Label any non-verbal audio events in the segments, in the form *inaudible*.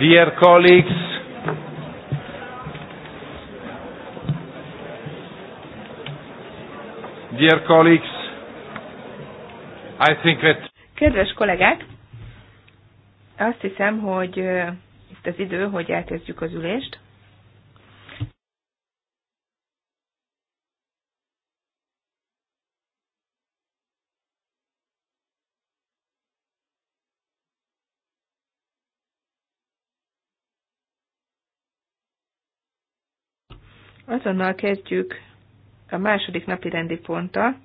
Dear colleagues, dear colleagues, I think that Kedves kollégák, azt hiszem, hogy itt az idő, hogy elkezdjük az ülést. Azonnal kezdjük a második napi rendi ponttal.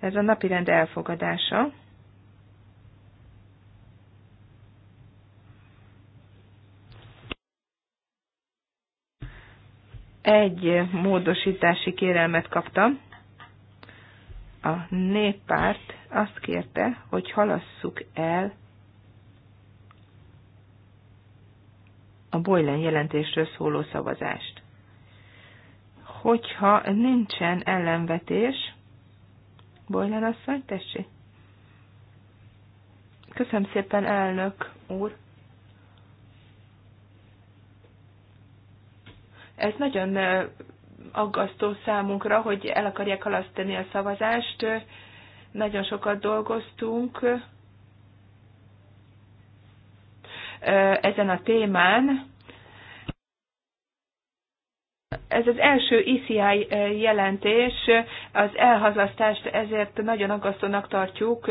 Ez a napi rend elfogadása. Egy módosítási kérelmet kaptam. A néppárt azt kérte, hogy halasszuk el a Boylan jelentésről szóló szavazást. Hogyha nincsen ellenvetés, Boylan asszony, tessék. Köszönöm szépen, elnök úr. Ez nagyon aggasztó számunkra, hogy el akarják halasztani a szavazást. Nagyon sokat dolgoztunk ezen a témán. Ez az első ICI jelentés, az elhazasztást ezért nagyon aggasztónak tartjuk,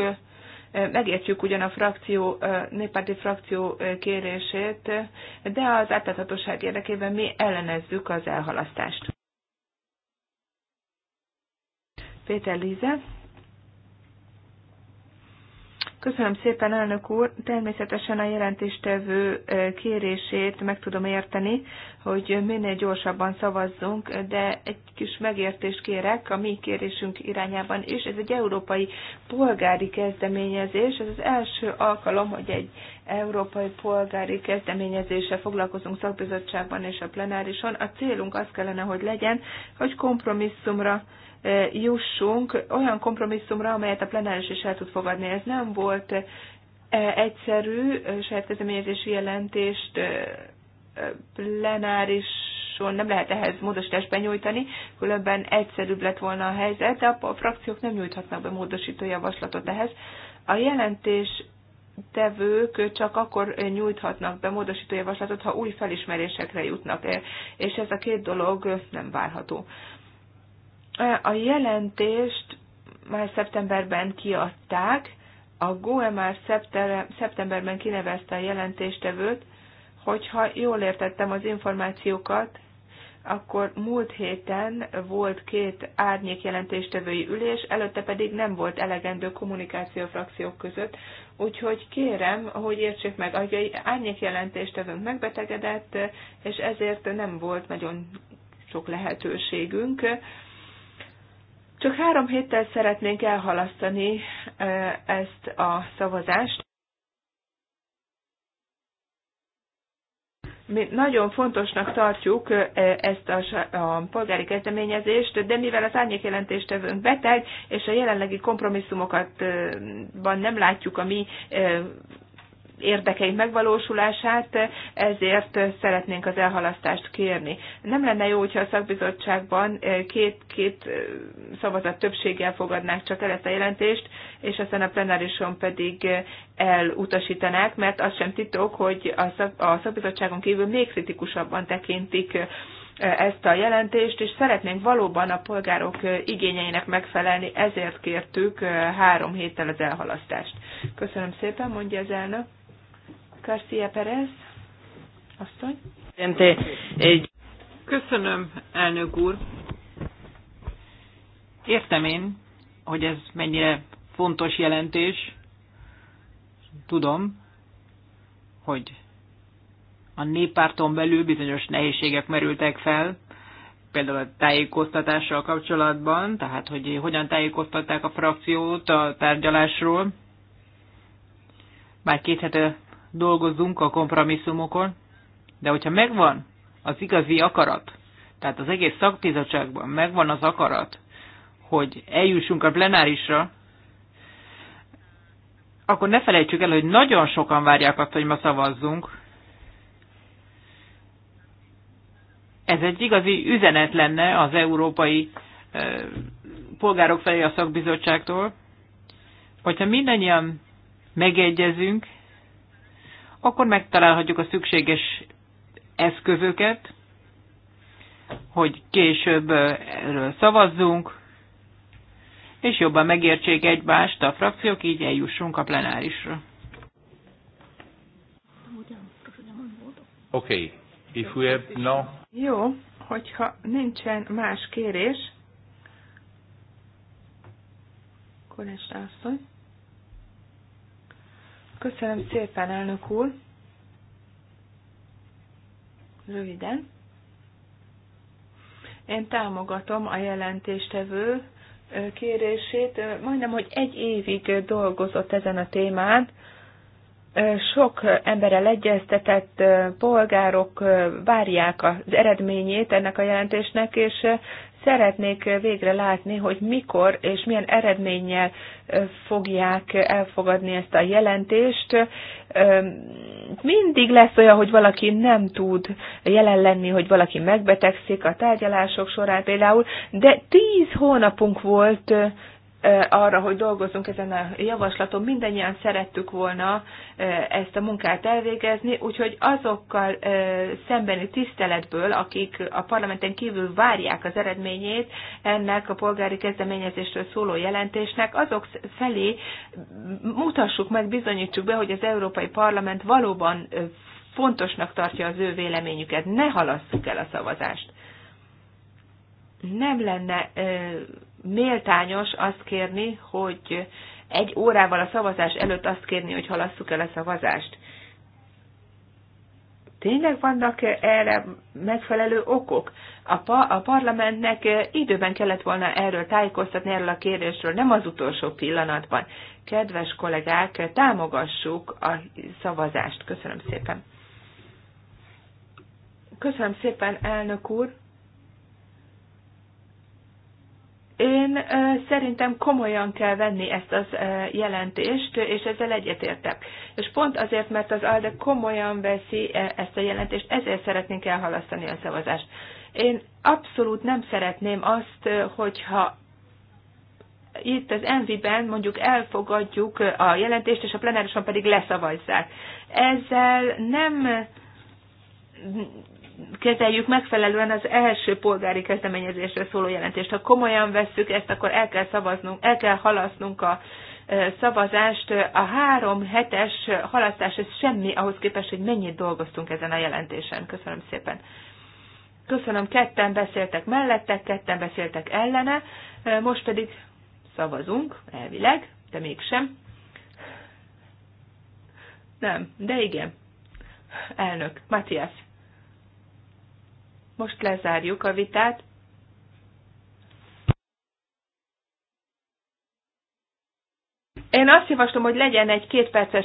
megértjük ugyan a frakció, néppárti frakció kérését, de az átláthatóság érdekében mi ellenezzük az elhalasztást. Péter Líze. Köszönöm szépen, elnök úr. Természetesen a jelentéstevő eh, kérését meg tudom érteni, hogy minél gyorsabban szavazzunk, de egy kis megértést kérek a mi kérésünk irányában is. Ez egy európai polgári kezdeményezés. Ez az első alkalom, hogy egy európai polgári kezdeményezéssel foglalkozunk szakbizottságban és a plenárison. A célunk az kellene, hogy legyen, hogy kompromisszumra jussunk olyan kompromisszumra, amelyet a plenáris is el tud fogadni. Ez nem volt egyszerű, saját kezdeményezési jelentést plenárison nem lehet ehhez módosítást benyújtani, különben egyszerűbb lett volna a helyzet, de a frakciók nem nyújthatnak be módosító javaslatot ehhez. A jelentés tevők csak akkor nyújthatnak be módosító javaslatot, ha új felismerésekre jutnak, és ez a két dolog nem várható. A jelentést már szeptemberben kiadták, a GUE már szeptemberben kinevezte a jelentéstevőt, hogyha jól értettem az információkat, akkor múlt héten volt két árnyék jelentéstevői ülés, előtte pedig nem volt elegendő kommunikáció a frakciók között, úgyhogy kérem, hogy értsék meg, hogy árnyék jelentéstevőnk megbetegedett, és ezért nem volt nagyon sok lehetőségünk csak három héttel szeretnénk elhalasztani ezt a szavazást. Mi nagyon fontosnak tartjuk ezt a, a polgári kezdeményezést, de mivel az árnyékjelentéstevőnk beteg, és a jelenlegi kompromisszumokat nem látjuk a mi érdekeink megvalósulását, ezért szeretnénk az elhalasztást kérni. Nem lenne jó, hogyha a szakbizottságban eh, két, két eh, szavazat többséggel fogadnák csak el ezt a jelentést, és aztán a plenárison pedig eh, elutasítanák, mert az sem titok, hogy a, szak, a szakbizottságon kívül még kritikusabban tekintik ezt a jelentést, és szeretnénk valóban a polgárok igényeinek megfelelni, ezért kértük három héttel az elhalasztást. Köszönöm szépen, mondja az elnök. Garcia Perez, asszony. Köszönöm, elnök úr. Értem én, hogy ez mennyire fontos jelentés. Tudom, hogy a néppárton belül bizonyos nehézségek merültek fel, például a tájékoztatással kapcsolatban, tehát hogy hogyan tájékoztatták a frakciót a tárgyalásról. Már két hete dolgozzunk a kompromisszumokon, de hogyha megvan az igazi akarat, tehát az egész szakbizottságban megvan az akarat, hogy eljussunk a plenárisra, akkor ne felejtsük el, hogy nagyon sokan várják azt, hogy ma szavazzunk. Ez egy igazi üzenet lenne az európai e, polgárok felé a szakbizottságtól, hogyha mindannyian megegyezünk, akkor megtalálhatjuk a szükséges eszközöket, hogy később erről szavazzunk, és jobban megértsék egymást a frakciók, így eljussunk a plenárisra. Oké, okay. if we have no... Jó, hogyha nincsen más kérés, Kones asszony. Köszönöm szépen, elnök úr. Röviden. Én támogatom a jelentéstevő kérését. Majdnem, hogy egy évig dolgozott ezen a témán. Sok emberrel egyeztetett polgárok várják az eredményét ennek a jelentésnek, és Szeretnék végre látni, hogy mikor és milyen eredménnyel fogják elfogadni ezt a jelentést. Mindig lesz olyan, hogy valaki nem tud jelen lenni, hogy valaki megbetegszik a tárgyalások során például, de tíz hónapunk volt arra, hogy dolgozzunk ezen a javaslaton. Mindennyian szerettük volna ezt a munkát elvégezni, úgyhogy azokkal szembeni tiszteletből, akik a parlamenten kívül várják az eredményét ennek a polgári kezdeményezésről szóló jelentésnek, azok felé mutassuk meg, bizonyítsuk be, hogy az Európai Parlament valóban fontosnak tartja az ő véleményüket. Ne halasszuk el a szavazást. Nem lenne méltányos azt kérni, hogy egy órával a szavazás előtt azt kérni, hogy halasszuk el a szavazást. Tényleg vannak erre megfelelő okok? A, pa- a parlamentnek időben kellett volna erről tájékoztatni, erről a kérdésről, nem az utolsó pillanatban. Kedves kollégák, támogassuk a szavazást. Köszönöm szépen. Köszönöm szépen, elnök úr. Én szerintem komolyan kell venni ezt az jelentést, és ezzel egyetértek. És pont azért, mert az ALDE komolyan veszi ezt a jelentést, ezért szeretnénk elhalasztani a szavazást. Én abszolút nem szeretném azt, hogyha itt az Envi-ben mondjuk elfogadjuk a jelentést, és a plenárison pedig leszavazzák. Ezzel nem kezeljük megfelelően az első polgári kezdeményezésre szóló jelentést. Ha komolyan vesszük ezt, akkor el kell szavaznunk, el kell halasznunk a szavazást. A három hetes halasztás, ez semmi ahhoz képest, hogy mennyit dolgoztunk ezen a jelentésen. Köszönöm szépen. Köszönöm, ketten beszéltek mellette, ketten beszéltek ellene, most pedig szavazunk, elvileg, de mégsem. Nem, de igen. Elnök, Matthias. Most lezárjuk a vitát. Én azt javaslom, hogy legyen egy két perces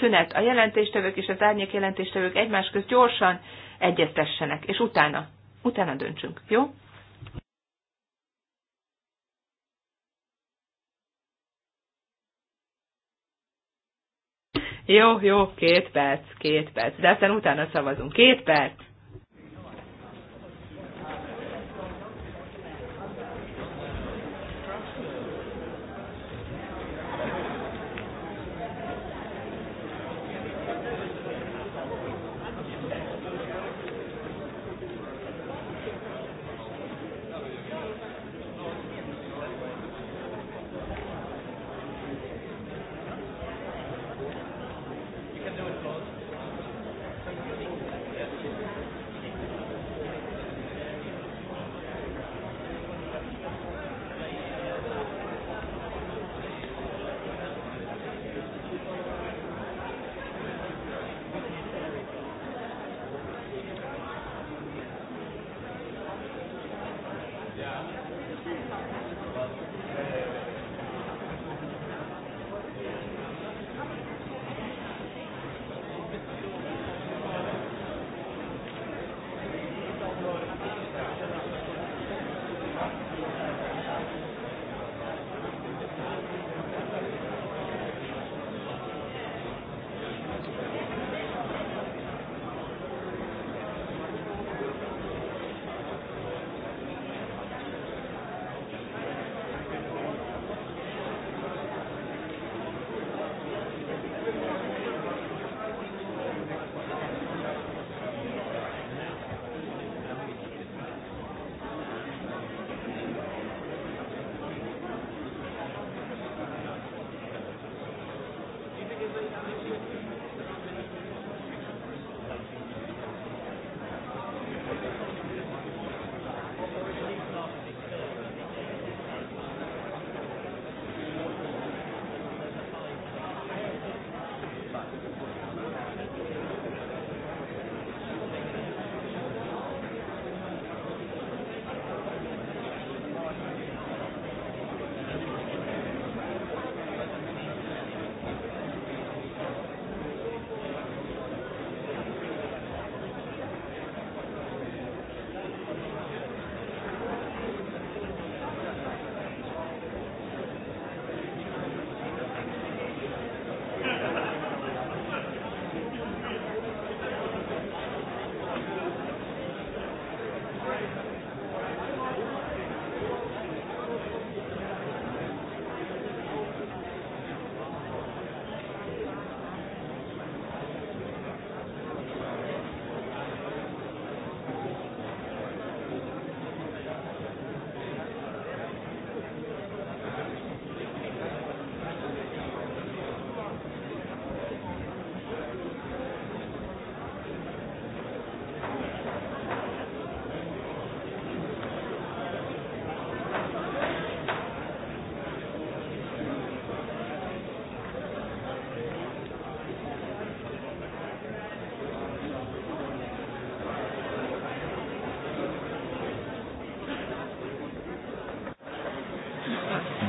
szünet. A jelentéstevők és az árnyék jelentéstevők egymás közt gyorsan egyeztessenek, és utána, utána döntsünk. Jó? Jó, jó, két perc, két perc. De aztán utána szavazunk. Két perc.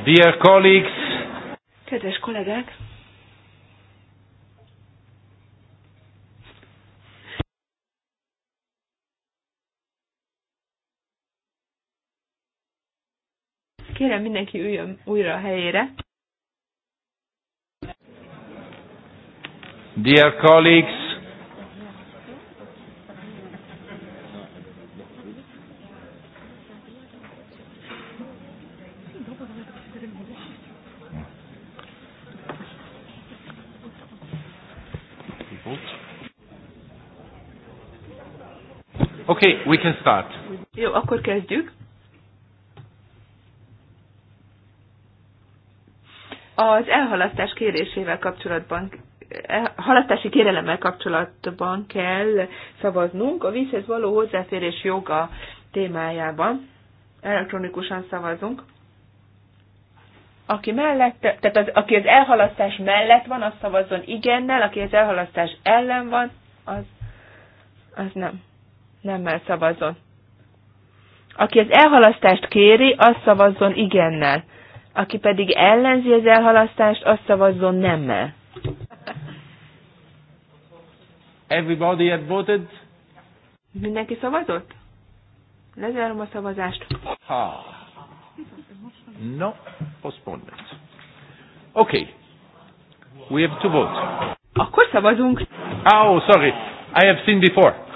Dear colleagues, Kedves kollégák! Kérem mindenki üljön újra a helyére. Dear colleagues, Okay, we can start. Jó, akkor kezdjük. Az elhalasztás kérésével kapcsolatban, e, halasztási kérelemmel kapcsolatban kell szavaznunk. A vízhez való hozzáférés joga témájában elektronikusan szavazunk. Aki mellett, tehát az, aki az elhalasztás mellett van, az szavazzon igennel, aki az elhalasztás ellen van, az, az nem nemmel szavazzon. Aki az elhalasztást kéri, az szavazzon igennel. Aki pedig ellenzi az elhalasztást, az szavazzon nemmel. Everybody had voted? Mindenki szavazott? Lezárom a szavazást. Ha. No Oké. Okay. We have to vote. Akkor szavazunk. Ah, oh, sorry. I have seen before.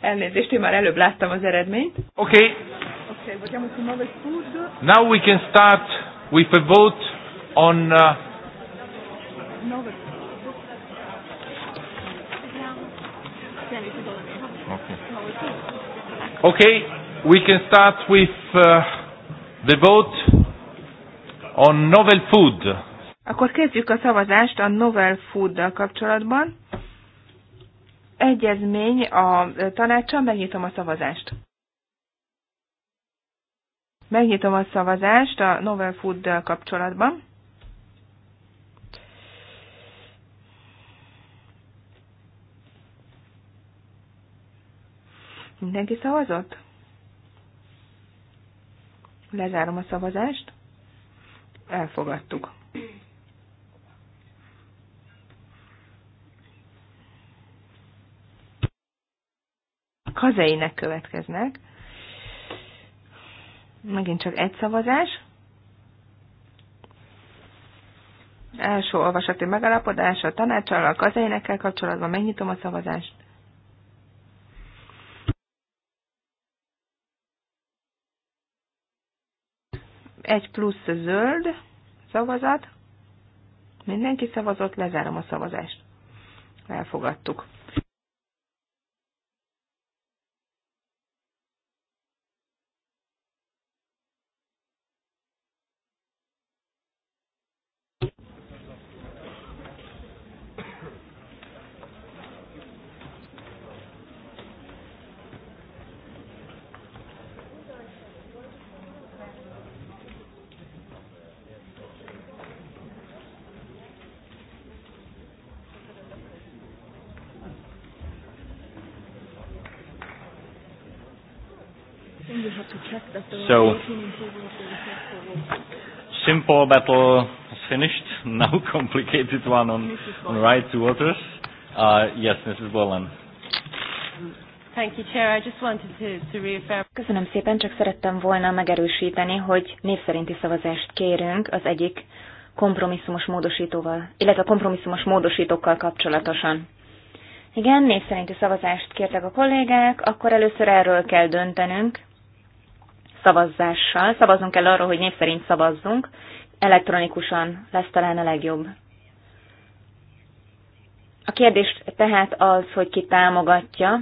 Elnézést, én már előbb láttam az eredményt. Oké. Okay. Now we can start with a vote on uh, Okay. we can start with uh, the vote on novel food. Akkor kezdjük a szavazást a novel fooddal kapcsolatban egyezmény a tanácsa, megnyitom a szavazást. Megnyitom a szavazást a Novel Food kapcsolatban. Mindenki szavazott? Lezárom a szavazást. Elfogadtuk. Kazeinek következnek. Megint csak egy szavazás. Első olvasati megalapodás a tanácsal, a kazeinekkel kapcsolatban megnyitom a szavazást. Egy plusz zöld szavazat. Mindenki szavazott, lezárom a szavazást. Elfogadtuk. So, simple battle is finished. *laughs* Now complicated one on, on right to waters. Uh, yes, Mrs. Boland. Köszönöm szépen, csak szerettem volna megerősíteni, hogy név szerinti szavazást kérünk az egyik kompromisszumos módosítóval, illetve kompromisszumos módosítókkal kapcsolatosan. Igen, név szerinti szavazást kértek a kollégák, akkor először erről kell döntenünk szavazással. Szavaznunk kell arról, hogy név szerint szavazzunk. Elektronikusan lesz talán a legjobb. A kérdés tehát az, hogy ki támogatja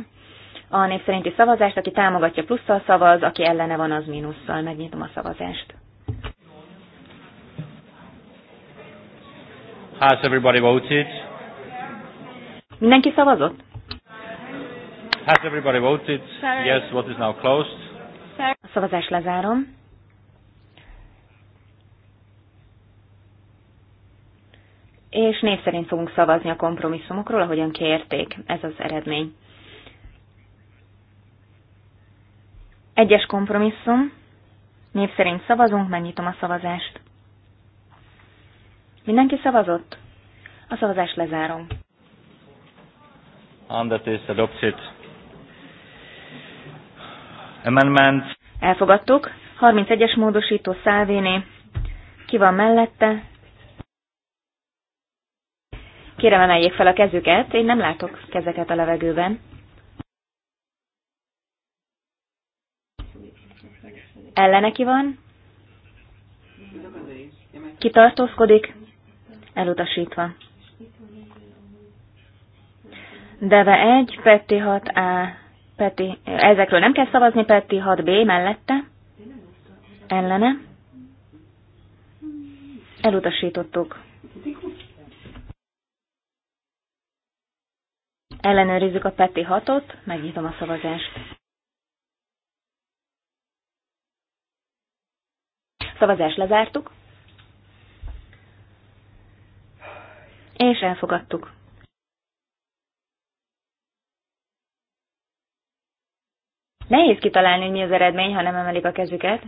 a név szerinti szavazást, aki támogatja plusszal szavaz, aki ellene van, az mínusszal. Megnyitom a szavazást. Has everybody voted? Mindenki szavazott? Has everybody voted? Sorry. Yes, what is now closed? Szavazás lezárom. És név szerint fogunk szavazni a kompromisszumokról, ahogyan kérték. Ez az eredmény. Egyes kompromisszum. Név szerint szavazunk, megnyitom a szavazást. Mindenki szavazott? A szavazást lezárom. And that adopted. Amendment. Elfogadtuk. 31-es módosító Szálvéné. Ki van mellette? Kérem, emeljék fel a kezüket. Én nem látok kezeket a levegőben. Ellene ki van? Ki tartózkodik? Elutasítva. Deve 1, Petti 6A Peti, ezekről nem kell szavazni, Peti 6B mellette, ellene. Elutasítottuk. Ellenőrizzük a Peti 6-ot, megnyitom a szavazást. Szavazást lezártuk, és elfogadtuk. Nehéz kitalálni, hogy mi az eredmény, ha nem emelik a kezüket.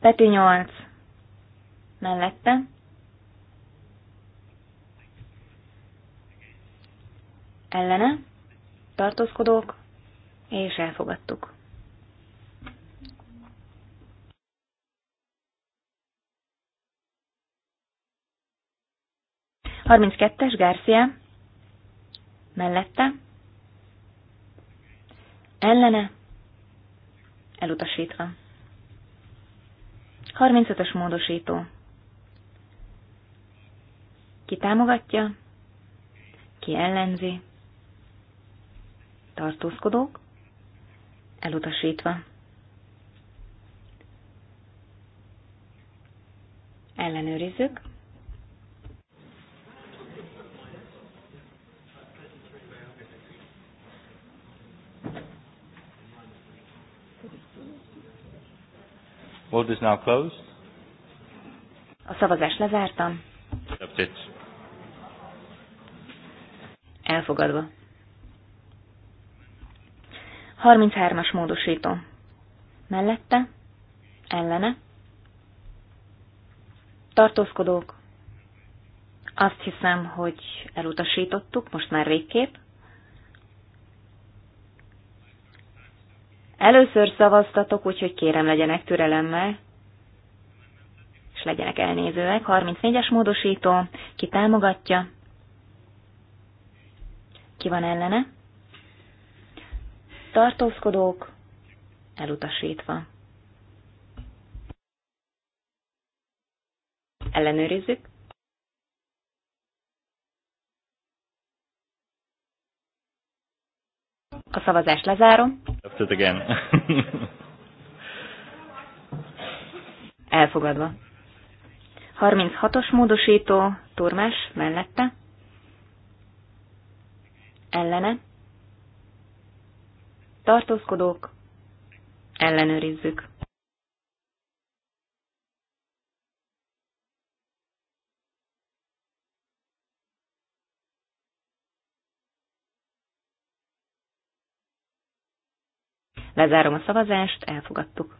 Peti 8. Mellette. Ellene. Tartózkodók. És elfogadtuk. Harminckettes Garcia. Mellette ellene, elutasítva. 35-ös módosító. Ki támogatja, ki ellenzi, tartózkodók, elutasítva. Ellenőrizzük. Vote is now closed. A szavazást lezártam. Accepted. Elfogadva. 33-as módosító. Mellette, ellene, tartózkodók. Azt hiszem, hogy elutasítottuk, most már végképp. Először szavaztatok, úgyhogy kérem legyenek türelemmel, és legyenek elnézőek. 34-es módosító, ki támogatja, ki van ellene. Tartózkodók, elutasítva. Ellenőrizzük. A szavazást lezárom. Again. *laughs* Elfogadva. 36-os módosító, Tormás, mellette. Ellene. Tartózkodók. Ellenőrizzük. Lezárom a szavazást, elfogadtuk.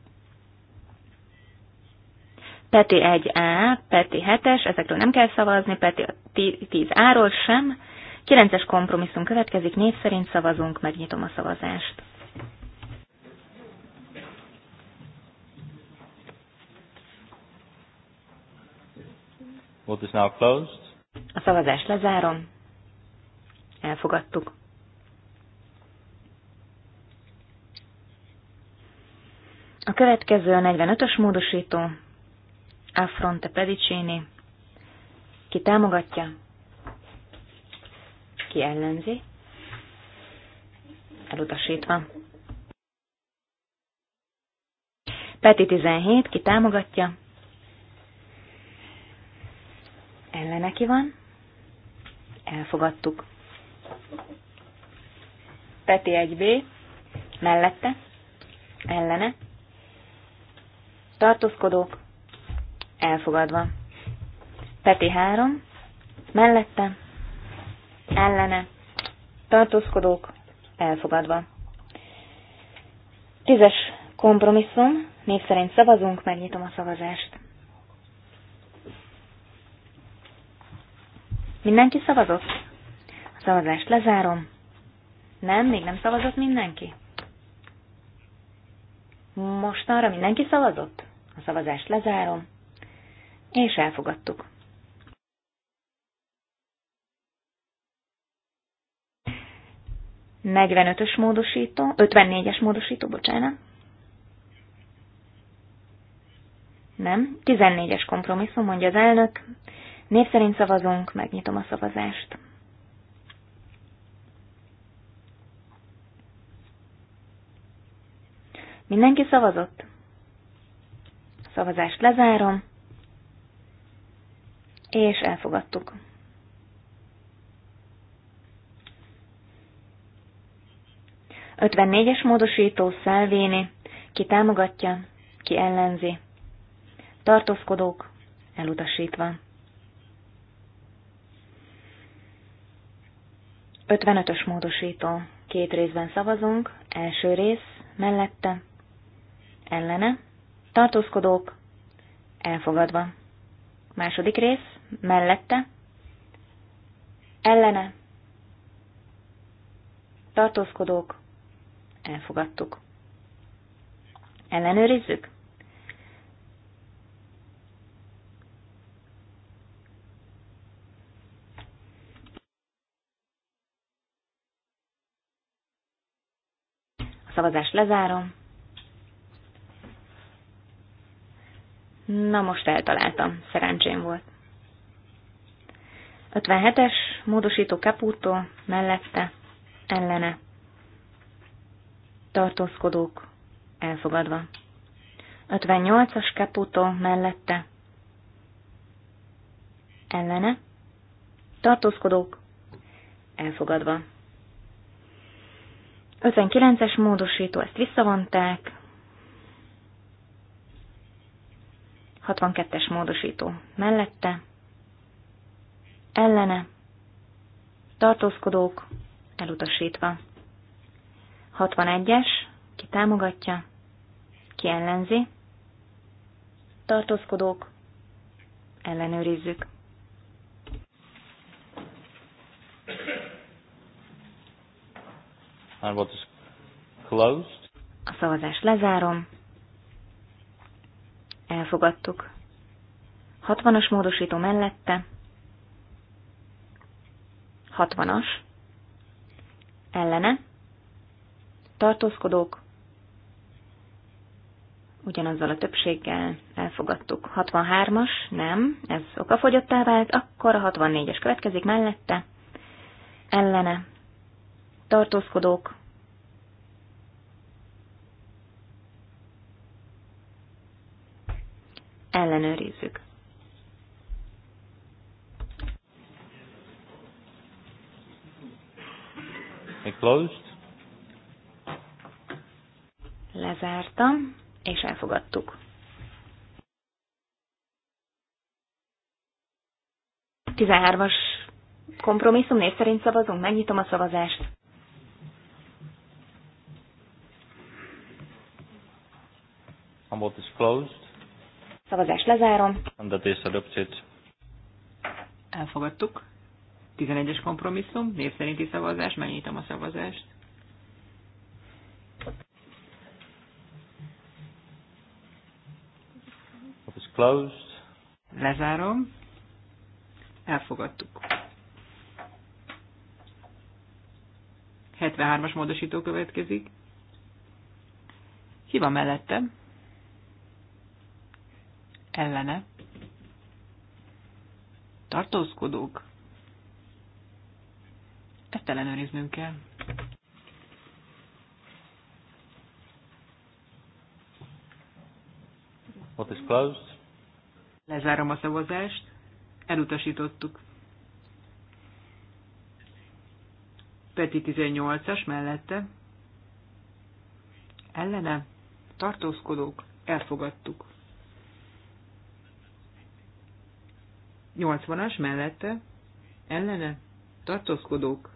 Peti 1A, Peti 7-es, ezekről nem kell szavazni, Peti 10A-ról sem. 9-es kompromisszum következik, név szerint szavazunk, megnyitom a szavazást. is now closed. A szavazást lezárom. Elfogadtuk. A következő a 45-ös módosító, Affronte Pedicini. Ki támogatja? Ki ellenzi? Elutasítva. Peti 17, ki támogatja? Ellene ki van? Elfogadtuk. Peti 1b, mellette, ellene, tartózkodók, elfogadva. Peti 3, mellette, ellene, tartózkodók, elfogadva. Tízes kompromisszum, név szerint szavazunk, megnyitom a szavazást. Mindenki szavazott? A szavazást lezárom. Nem, még nem szavazott mindenki? Mostanra mindenki szavazott? A szavazást lezárom, és elfogadtuk. Negyvenötös módosító, 54-es módosító, bocsánat. Nem, 14-es kompromisszum, mondja az elnök. Név szerint szavazunk, megnyitom a szavazást. Mindenki szavazott? Szavazást lezárom. És elfogadtuk. Ötvennégyes módosító Szelvéni, ki támogatja, ki ellenzi. Tartózkodók elutasítva. 55-ös módosító. Két részben szavazunk. Első rész, mellette, ellene, tartózkodók, elfogadva. Második rész, mellette, ellene, tartózkodók, elfogadtuk. Ellenőrizzük? A szavazást lezárom. Na most eltaláltam, szerencsém volt. 57-es, módosító Caputo, mellette, ellene. Tartózkodók, elfogadva. 58-as Caputo, mellette, ellene. Tartózkodók, elfogadva. 59-es módosító, ezt visszavonták. 62-es módosító mellette, ellene, tartózkodók, elutasítva. 61-es, ki támogatja, ki ellenzi, tartózkodók, ellenőrizzük. And what is closed? A szavazást lezárom. Elfogadtuk. 60-as módosító mellette. 60-as. Ellene. Tartózkodók. Ugyanazzal a többséggel elfogadtuk. 63-as, nem, ez okafogyottá vált, akkor a 64-es következik mellette. Ellene. Tartózkodók. ellenőrizzük. Closed. Lezártam, és elfogadtuk. 13-as kompromisszum név szerint szavazunk, megnyitom a szavazást. Amort is closed? Szavazást lezárom. Elfogadtuk. 11-es kompromisszum, név szerinti szavazás, megnyitom a szavazást. closed. Lezárom. Elfogadtuk. 73-as módosító következik. Ki van mellettem? ellene tartózkodók. Ezt ellenőriznünk kell. What is closed? Lezárom a szavazást. Elutasítottuk. Peti 18-as mellette. Ellene tartózkodók elfogadtuk. 80-as mellette ellene tartózkodók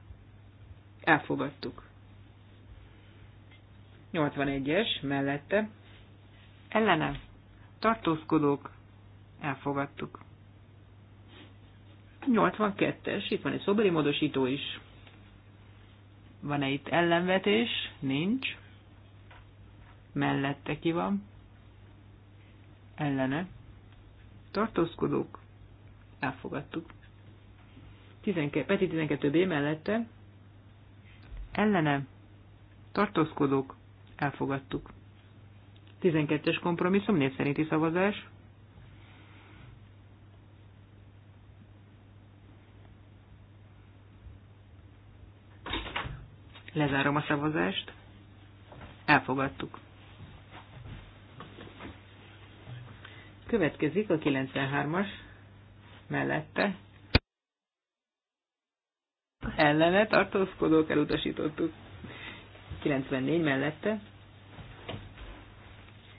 elfogadtuk. 81-es mellette ellene tartózkodók elfogadtuk. 82-es, itt van egy szobori módosító is. Van-e itt ellenvetés? Nincs. Mellette ki van? Ellene. Tartózkodók elfogadtuk. 12, Peti 12b mellette ellene tartózkodók elfogadtuk. 12-es kompromisszum név szerinti szavazás. Lezárom a szavazást. Elfogadtuk. Következik a 93-as mellette ellene tartózkodók elutasítottuk. 94 mellette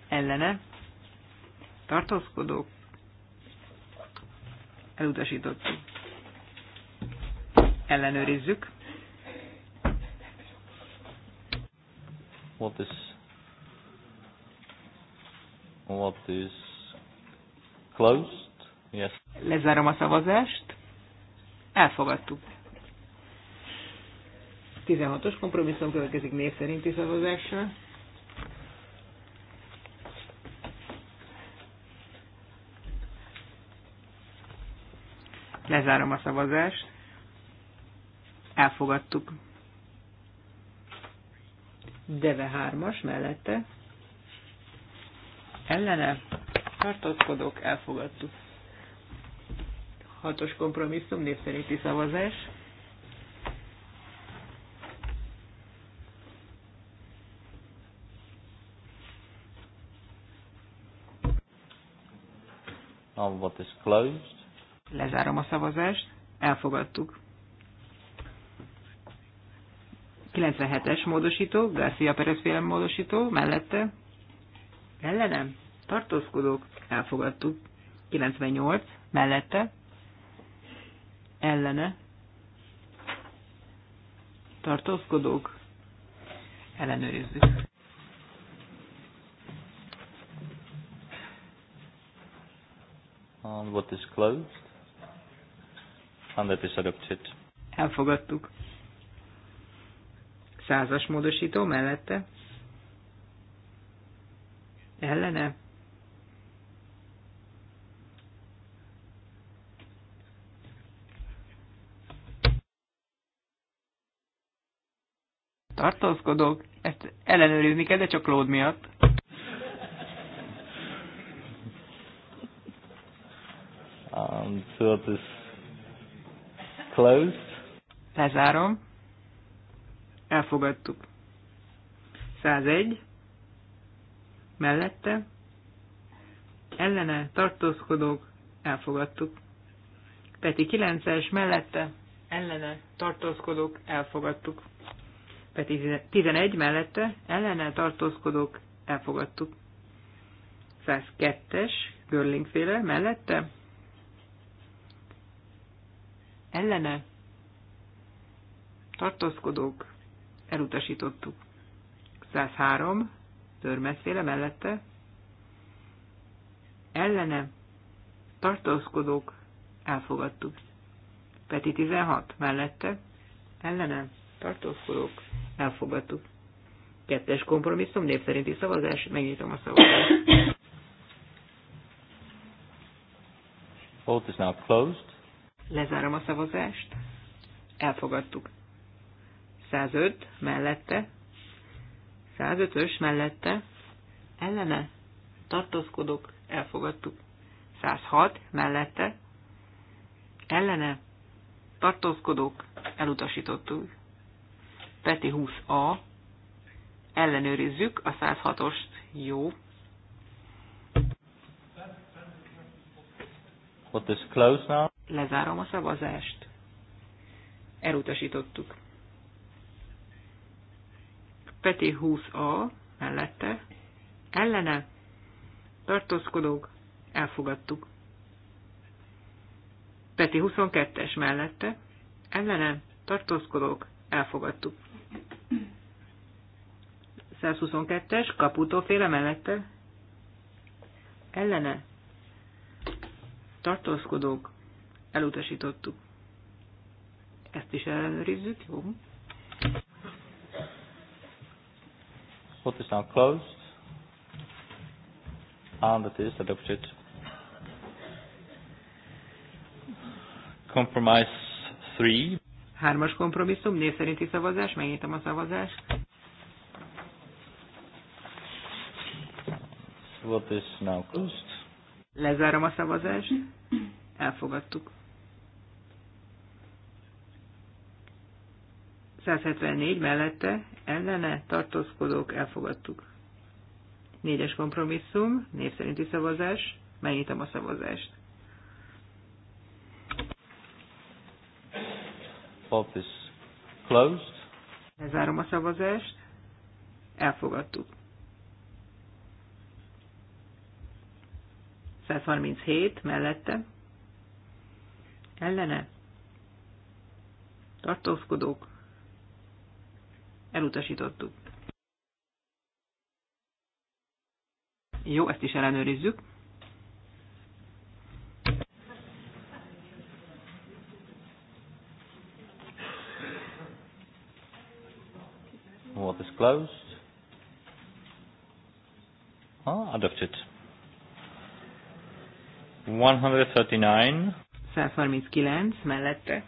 ellene tartózkodók elutasítottuk. Ellenőrizzük. What is what is closed? Yes. Lezárom a szavazást. Elfogadtuk. 16-os kompromisszum következik név szerinti szavazással. Lezárom a szavazást. Elfogadtuk. Deve 3-as mellette. Ellene tartózkodók elfogadtuk hatos kompromisszum, név szerinti szavazás. Now is closed? Lezárom a szavazást. Elfogadtuk. 97-es módosító, Garcia Perez féle módosító, mellette. Ellenem? Tartózkodók. Elfogadtuk. 98. Mellette ellene tartózkodók ellenőrizzük. And what is closed? And that is adopted. Elfogadtuk. Százas módosító mellette. Ellene tartózkodok, ezt ellenőrizni kell, de csak Claude miatt. Um, so this closed. Lezárom. Elfogadtuk. 101. Mellette. Ellene tartózkodók. Elfogadtuk. Peti 9-es mellette. Ellene tartózkodók. Elfogadtuk. Peti 11 mellette ellene tartózkodók elfogadtuk. 102-es Görlingféle mellette ellene tartózkodók elutasítottuk. 103 Törmeszféle mellette ellene tartózkodók elfogadtuk. Peti 16 mellette ellene tartózkodók elfogadtuk. Kettes kompromisszum, népszerinti szavazás, megnyitom a szavazást. Vote is now closed. Lezárom a szavazást. Elfogadtuk. 105 mellette. 105-ös mellette. Ellene. Tartózkodok. Elfogadtuk. 106 mellette. Ellene. Tartózkodok. Elutasítottuk. Peti 20A, ellenőrizzük a 106-ost, jó. What is close now? Lezárom a szavazást. Elutasítottuk. Peti 20A mellette, ellene, tartózkodók, elfogadtuk. Peti 22-es mellette, ellene, tartózkodók, elfogadtuk. 122-es, kaputóféle mellette. Ellene. Tartózkodók. Elutasítottuk. Ezt is ellenőrizzük, jó? Vote is now closed. And it is adopted. Compromise 3. Hármas kompromisszum, név szerinti szavazás, megnyitom a szavazást. What is now closed? Lezárom a szavazást. Elfogadtuk. 174 mellette ellene tartózkodók elfogadtuk. Négyes kompromisszum, név szerinti szavazás, megnyitom a szavazást. Vote is closed. Lezárom a szavazást. Elfogadtuk. 137 mellette. Ellene. Tartózkodók. Elutasítottuk. Jó, ezt is ellenőrizzük. Closed. Oh, adopted. 139. 139 mellette.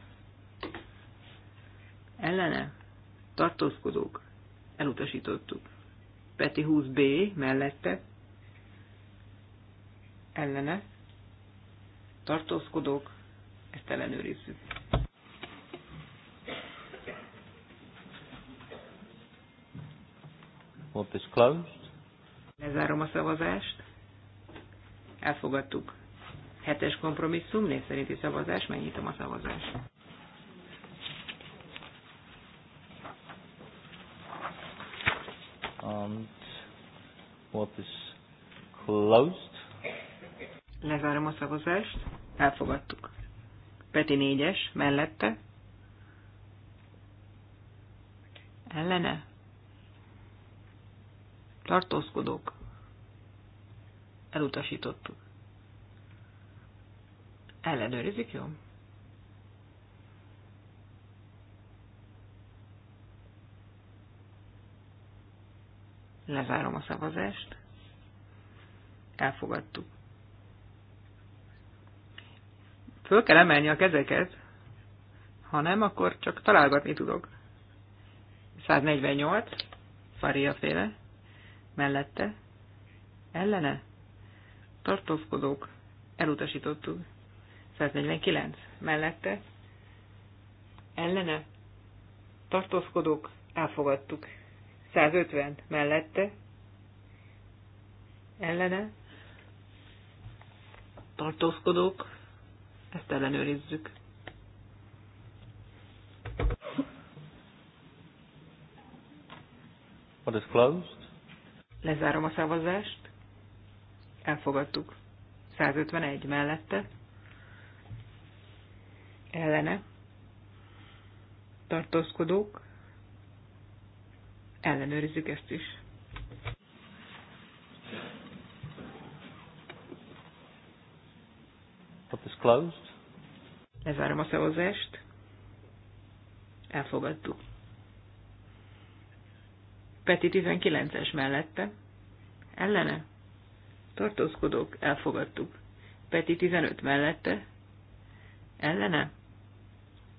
Ellene. Tartózkodók. Elutasítottuk. Peti 20B mellette. Ellene. Tartózkodók. Ezt ellenőrizzük. Vote is closed. Lezárom a szavazást. Elfogadtuk. Hetes kompromisszum, név szerinti szavazás, megnyitom a szavazást. And what is closed? Lezárom a szavazást. Elfogadtuk. Peti négyes, mellette. Ellene? tartózkodók, elutasítottuk. Ellenőrizik, jó? Lezárom a szavazást. Elfogadtuk. Föl kell emelni a kezeket, ha nem, akkor csak találgatni tudok. 148, Faria féle mellette, ellene, tartózkodók, elutasítottuk. 149 mellette, ellene, tartózkodók, elfogadtuk. 150 mellette, ellene, tartózkodók, ezt ellenőrizzük. What is closed? Lezárom a szavazást. Elfogadtuk. 151 mellette. Ellene. Tartózkodók. Ellenőrizzük ezt is. Put is closed. Lezárom a szavazást. Elfogadtuk. Peti 19-es mellette. Ellene. Tartózkodók, elfogadtuk. Peti 15 mellette. Ellene.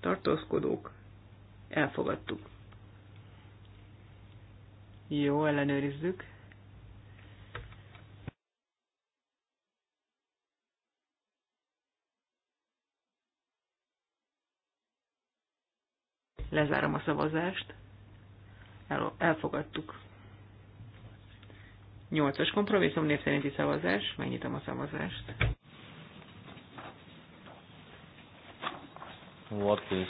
Tartózkodók, elfogadtuk. Jó, ellenőrizzük. Lezárom a szavazást. El, elfogadtuk. Nyolcas kompromisszum név szerinti szavazás. Megnyitom a szavazást. What is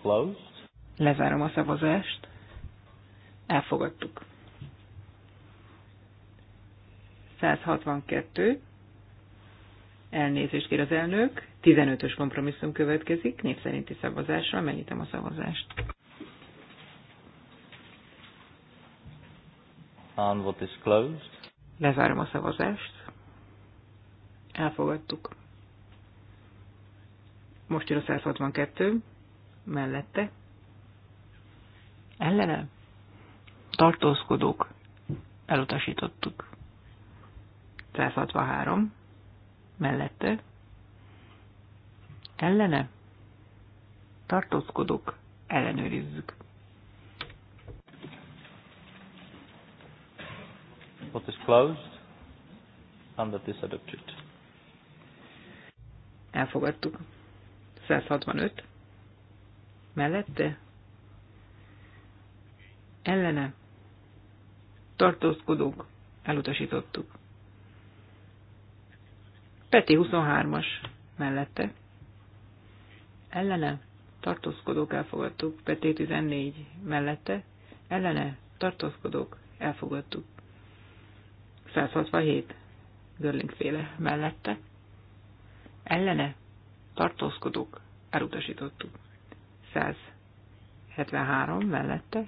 closed? Lezárom a szavazást. Elfogadtuk. 162. Elnézést kér az elnök. 15-ös kompromisszum következik. Név szerinti szavazásra megnyitom a szavazást. And what is closed. Lezárom a szavazást. Elfogadtuk. Most jön a 162. Mellette. Ellene. Tartózkodók. Elutasítottuk. 163. Mellette. Ellene. Tartózkodók. Ellenőrizzük. What is closed? And that is adopted. Elfogadtuk. 165. Mellette? Ellene? Tartózkodók? Elutasítottuk. Peti 23-as. Mellette? Ellene? Tartózkodók elfogadtuk. Peti 14. Mellette? Ellene? Tartózkodók elfogadtuk. 167 Görlingféle mellette. Ellene tartózkodók elutasítottuk. 173 mellette.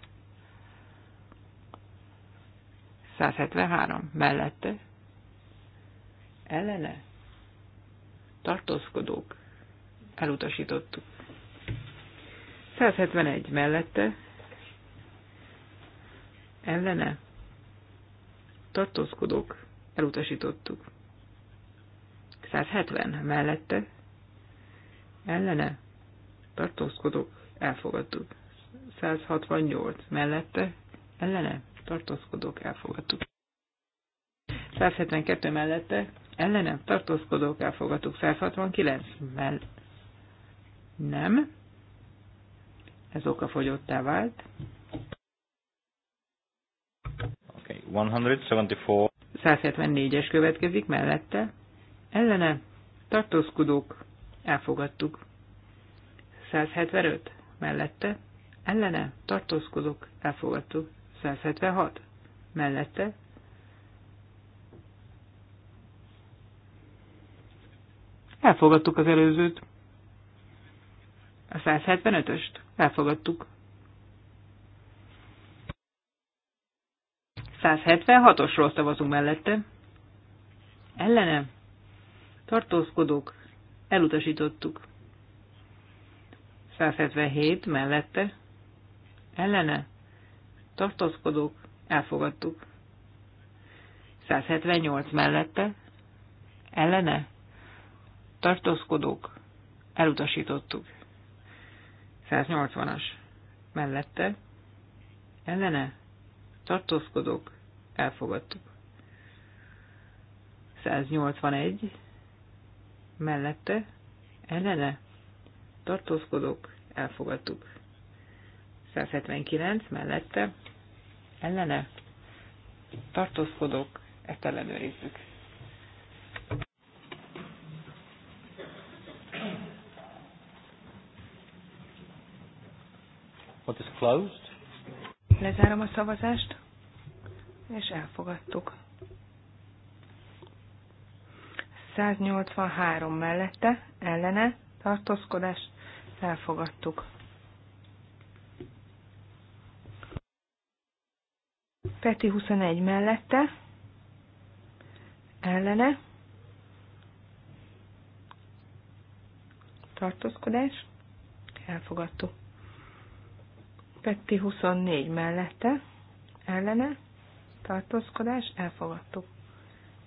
173 mellette. Ellene tartózkodók elutasítottuk. 171 mellette. Ellene tartózkodók, elutasítottuk. 170 mellette, ellene, tartózkodók, elfogadtuk. 168 mellette, ellene, tartózkodók, elfogadtuk. 172 mellette, ellene, tartózkodók, elfogadtuk. 169 mell... Nem. Ez fogyottá vált. 174. 174-es következik mellette. Ellene tartózkodók elfogadtuk. 175 mellette. Ellene tartózkodók elfogadtuk. 176 mellette. Elfogadtuk az előzőt. A 175-öst elfogadtuk. 176-osról szavazunk mellette. Ellene? Tartózkodók. Elutasítottuk. 177 mellette. Ellene? Tartózkodók. Elfogadtuk. 178 mellette. Ellene? Tartózkodók. Elutasítottuk. 180-as. Mellette. Ellene? Tartózkodók elfogadtuk. 181 mellette ellene tartózkodok, elfogadtuk. 179 mellette ellene tartózkodok, ezt ellenőrizzük. What is closed? Lezárom a szavazást és elfogadtuk. 183 mellette, ellene, tartózkodás, elfogadtuk. Peti 21 mellette, ellene, tartózkodás, elfogadtuk. Peti 24 mellette, ellene, tartózkodás, elfogadtuk.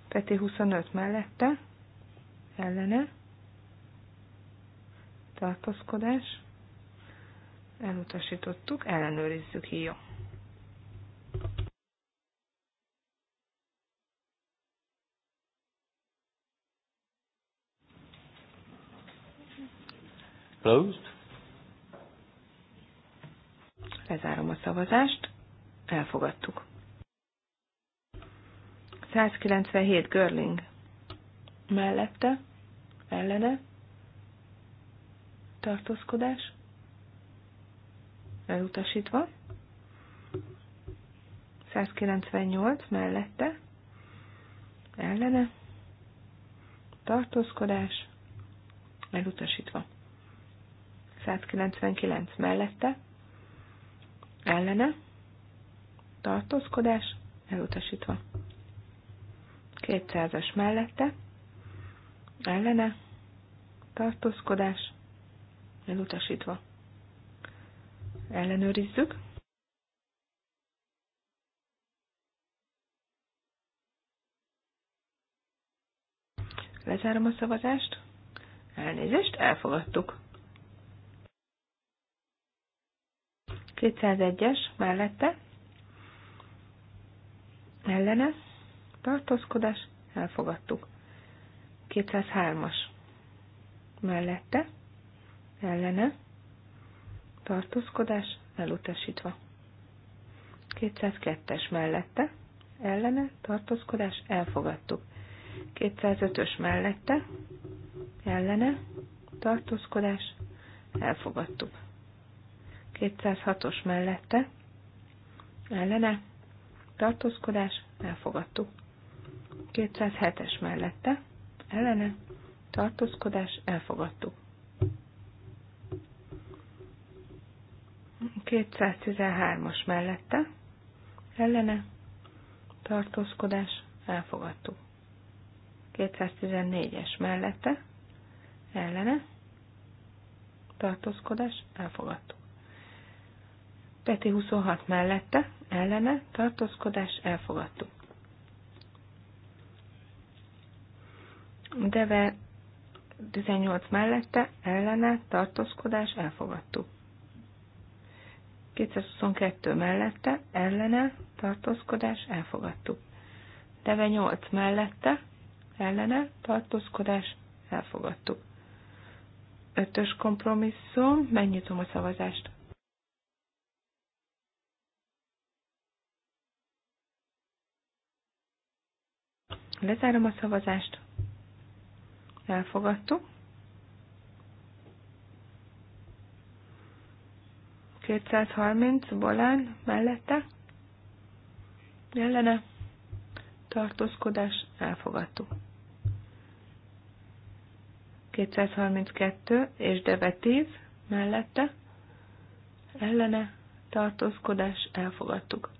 Peti 25 mellette, ellene, tartózkodás, elutasítottuk, ellenőrizzük, jó. Closed. Lezárom a szavazást. Elfogadtuk. 197 Görling mellette, ellene, tartózkodás, elutasítva, 198 mellette, ellene, tartózkodás, elutasítva, 199 mellette, ellene, tartózkodás, elutasítva. 200-as mellette, ellene, tartózkodás, elutasítva. Ellenőrizzük. Lezárom a szavazást. Elnézést, elfogadtuk. 201-es mellette, ellene, tartózkodás, elfogadtuk. 203-as mellette, ellene, tartózkodás, elutasítva. 202-es mellette, ellene, tartózkodás, elfogadtuk. 205-ös mellette, ellene, tartózkodás, elfogadtuk. 206-os mellette, ellene, tartózkodás, elfogadtuk. 207-es mellette, ellene, tartózkodás, elfogadtuk. 213-as mellette, ellene, tartózkodás, elfogadtuk. 214-es mellette, ellene, tartózkodás, elfogadtuk. Peti 26 mellette, ellene, tartózkodás, elfogadtuk. Deve 18 mellette ellene tartózkodás elfogadtuk. 222 mellette ellene tartózkodás elfogadtuk. Deve 8 mellette ellene tartózkodás elfogadtuk. Ötös kompromisszum, megnyitom a szavazást. Lezárom a szavazást elfogadtuk. harminc Bolán mellette ellene tartózkodás elfogadtuk. 232 és Deve 10 mellette ellene tartózkodás elfogadtuk.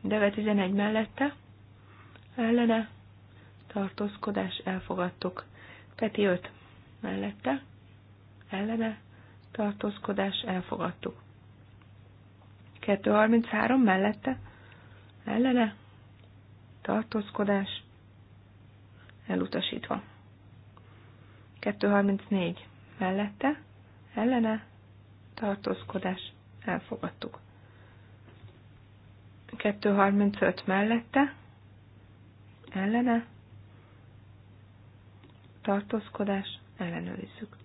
Deve 11 mellette ellene tartózkodás elfogadtuk. Peti 5 mellette, ellene, tartózkodás, elfogadtuk. 233 mellette, ellene, tartózkodás, elutasítva. 234 mellette, ellene, tartózkodás, elfogadtuk. 235 mellette, ellene, tartózkodás, ellenőrizzük.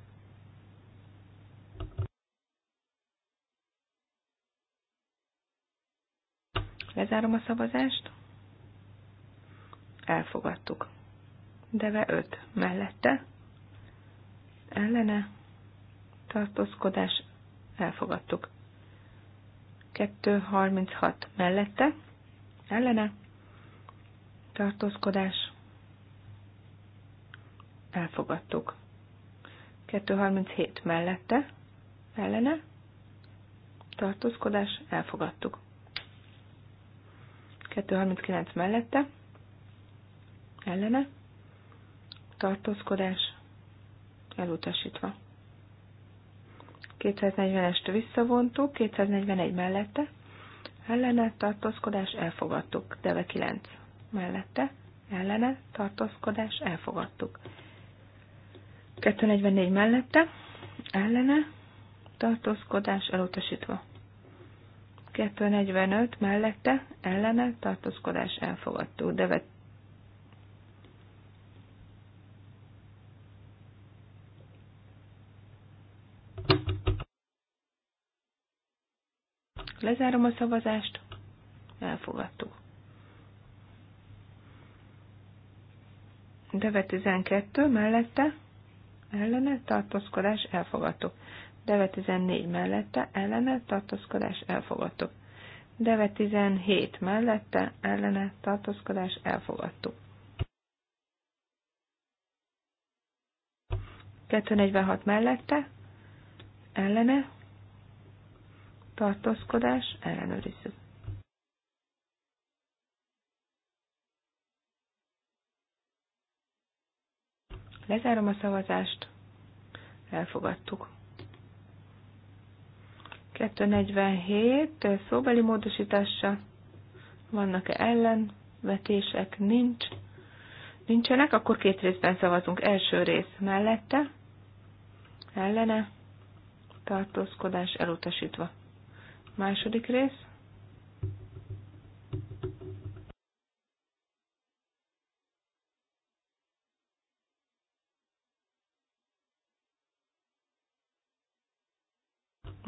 Lezárom a szavazást. Elfogadtuk. Deve 5 mellette. Ellene. Tartózkodás. Elfogadtuk. 236 mellette. Ellene. Tartózkodás elfogadtuk. 237 mellette, ellene, tartózkodás, elfogadtuk. 239 mellette, ellene, tartózkodás, elutasítva. 240-est visszavontuk, 241 mellette, ellene, tartózkodás, elfogadtuk. Deve 9 mellette, ellene, tartózkodás, elfogadtuk. 244 mellette, ellene, tartózkodás elutasítva. 245 mellette, ellene, tartózkodás elfogadtó, de Lezárom a szavazást, elfogadtó. Deve 12 mellette, ellene tartózkodás elfogadó. Deve 14 mellette ellene tartózkodás elfogadó. Deve 17 mellette ellene tartózkodás elfogadó. 246 mellette ellene tartózkodás ellenőrizzük. Lezárom a szavazást. Elfogadtuk. 247 szóbeli módosítása. Vannak-e ellenvetések? Nincs. Nincsenek, akkor két részben szavazunk. Első rész mellette, ellene, tartózkodás elutasítva. Második rész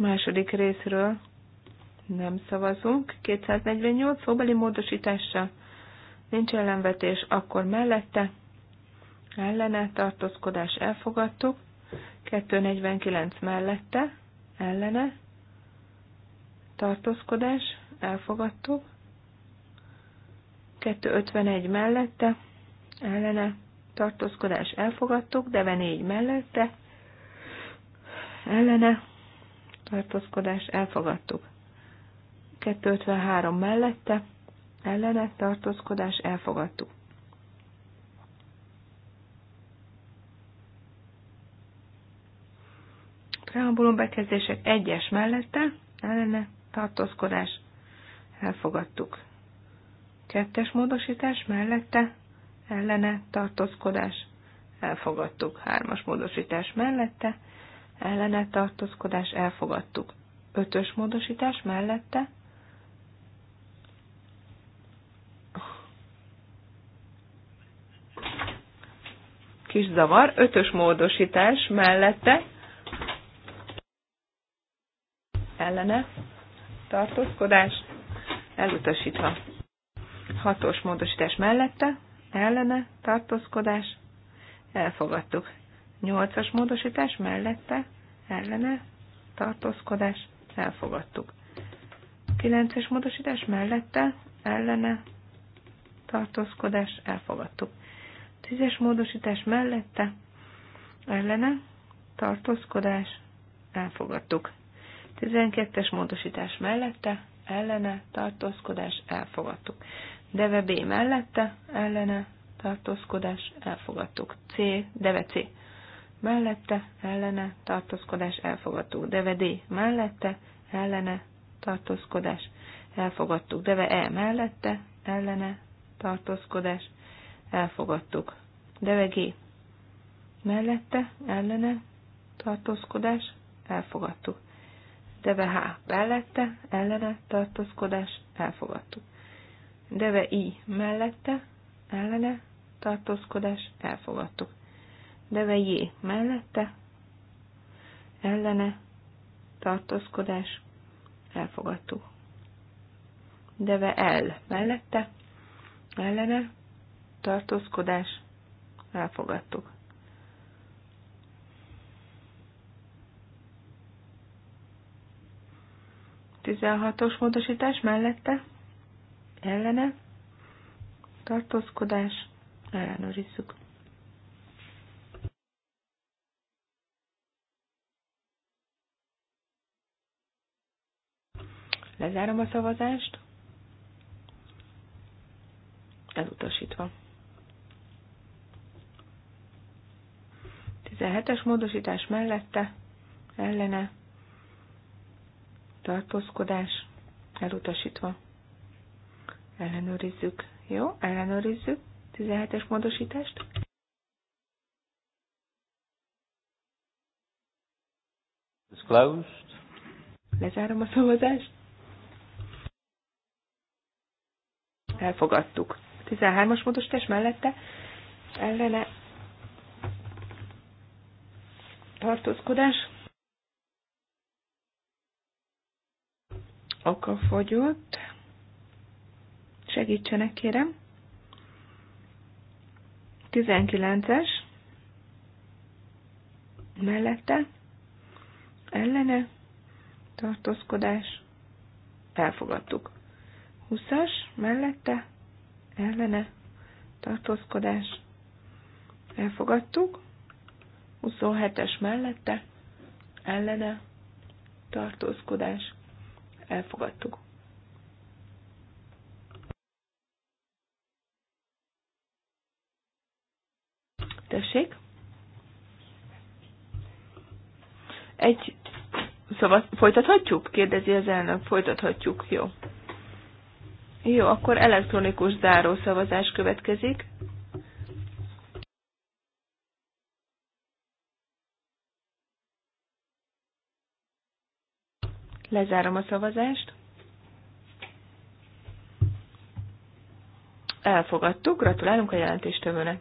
Második részről nem szavazunk. 248 szóbeli módosítása nincs ellenvetés, akkor mellette ellene tartózkodás elfogadtuk. 249 mellette ellene tartózkodás elfogadtuk. 251 mellette ellene tartózkodás elfogadtuk, de 4 mellette ellene tartózkodás elfogadtuk. 253 mellette ellene tartózkodás elfogadtuk. Preambulum bekezdések egyes mellette ellene tartózkodás elfogadtuk. Kettes módosítás mellette ellene tartózkodás elfogadtuk. Hármas módosítás mellette ellene tartózkodás elfogadtuk. Ötös módosítás mellette kis zavar, ötös módosítás mellette ellene tartózkodás elutasítva. Hatos módosítás mellette ellene tartózkodás elfogadtuk. Nyolcas módosítás mellette, ellene, tartózkodás, elfogadtuk. Kilences módosítás mellette, ellene, tartózkodás, elfogadtuk. Tízes módosítás mellette, ellene, tartózkodás, elfogadtuk. Tizenkettes módosítás mellette, ellene, tartózkodás, elfogadtuk. Deve B mellette, ellene, tartózkodás, elfogadtuk. C, deve C mellette, ellene, tartózkodás, elfogadtuk. Deve D mellette, ellene, tartózkodás, elfogadtuk. Deve E mellette, ellene, tartózkodás, elfogadtuk. Deve G mellette, ellene, tartózkodás, elfogadtuk. Deve H mellette, ellene, tartózkodás, elfogadtuk. Deve I mellette, ellene, tartózkodás, elfogadtuk devejé mellette, ellene, tartózkodás, elfogadtuk. Deve el mellette, ellene, tartózkodás, elfogadtuk. Tizenhatos módosítás mellette, ellene, tartózkodás, ellenőrizzük. Lezárom a szavazást. Elutasítva. 17-es módosítás mellette, ellene, tartózkodás, elutasítva. Ellenőrizzük. Jó, ellenőrizzük 17-es módosítást. It's closed. Lezárom a szavazást. Elfogadtuk. 13-as módosítás mellette ellene tartózkodás. Oka fogyott. Segítsenek, kérem. 19-es. Mellette. Ellene. Tartózkodás. Elfogadtuk. 20-as mellette ellene tartózkodás elfogadtuk, 27-es mellette ellene tartózkodás elfogadtuk. Tessék? Egy Szóval folytathatjuk? Kérdezi az elnök. Folytathatjuk, jó. Jó, akkor elektronikus zárószavazás következik. Lezárom a szavazást. Elfogadtuk, gratulálunk a jelentéstevőnek.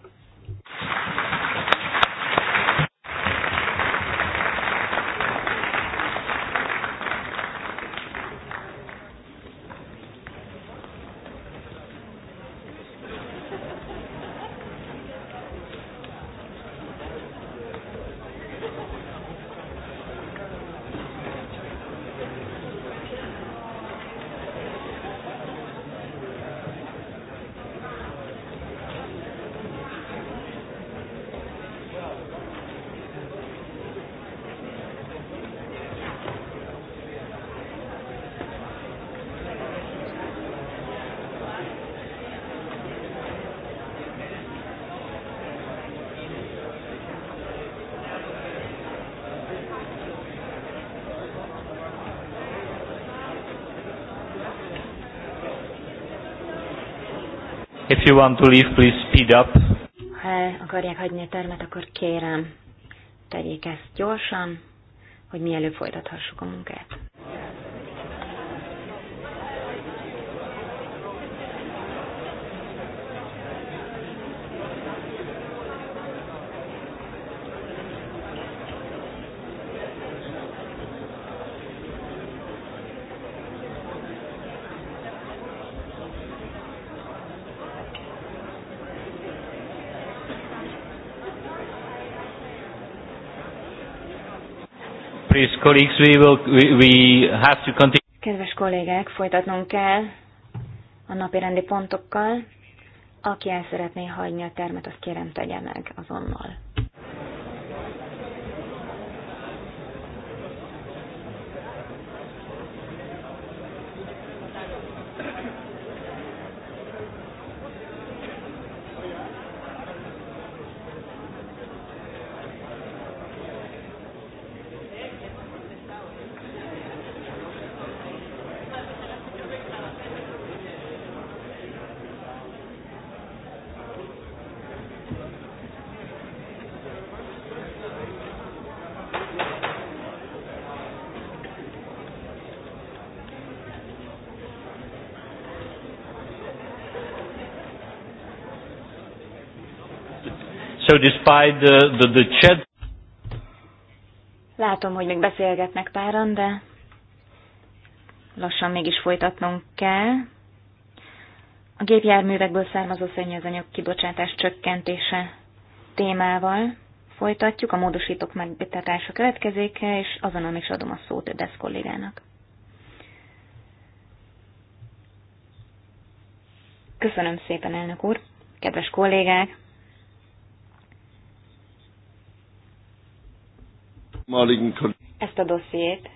If you want to leave, please speed up. Ha akarják hagyni a termet, akkor kérem, tegyék ezt gyorsan, hogy mielőbb folytathassuk a munkát. colleagues, we will, we, have to continue. Kedves kollégák, folytatnunk kell a napi rendi pontokkal. Aki el szeretné hagyni a termet, azt kérem tegye meg azonnal. So despite the, the, the chat... Látom, hogy még beszélgetnek páran, de lassan mégis folytatnunk kell. A gépjárművekből származó szennyezőanyag kibocsátás csökkentése témával folytatjuk. A módosítók megvitatása következik, és azonnal is adom a szót Ödesz kollégának. Köszönöm szépen, elnök úr! Kedves kollégák! Ezt a dossziét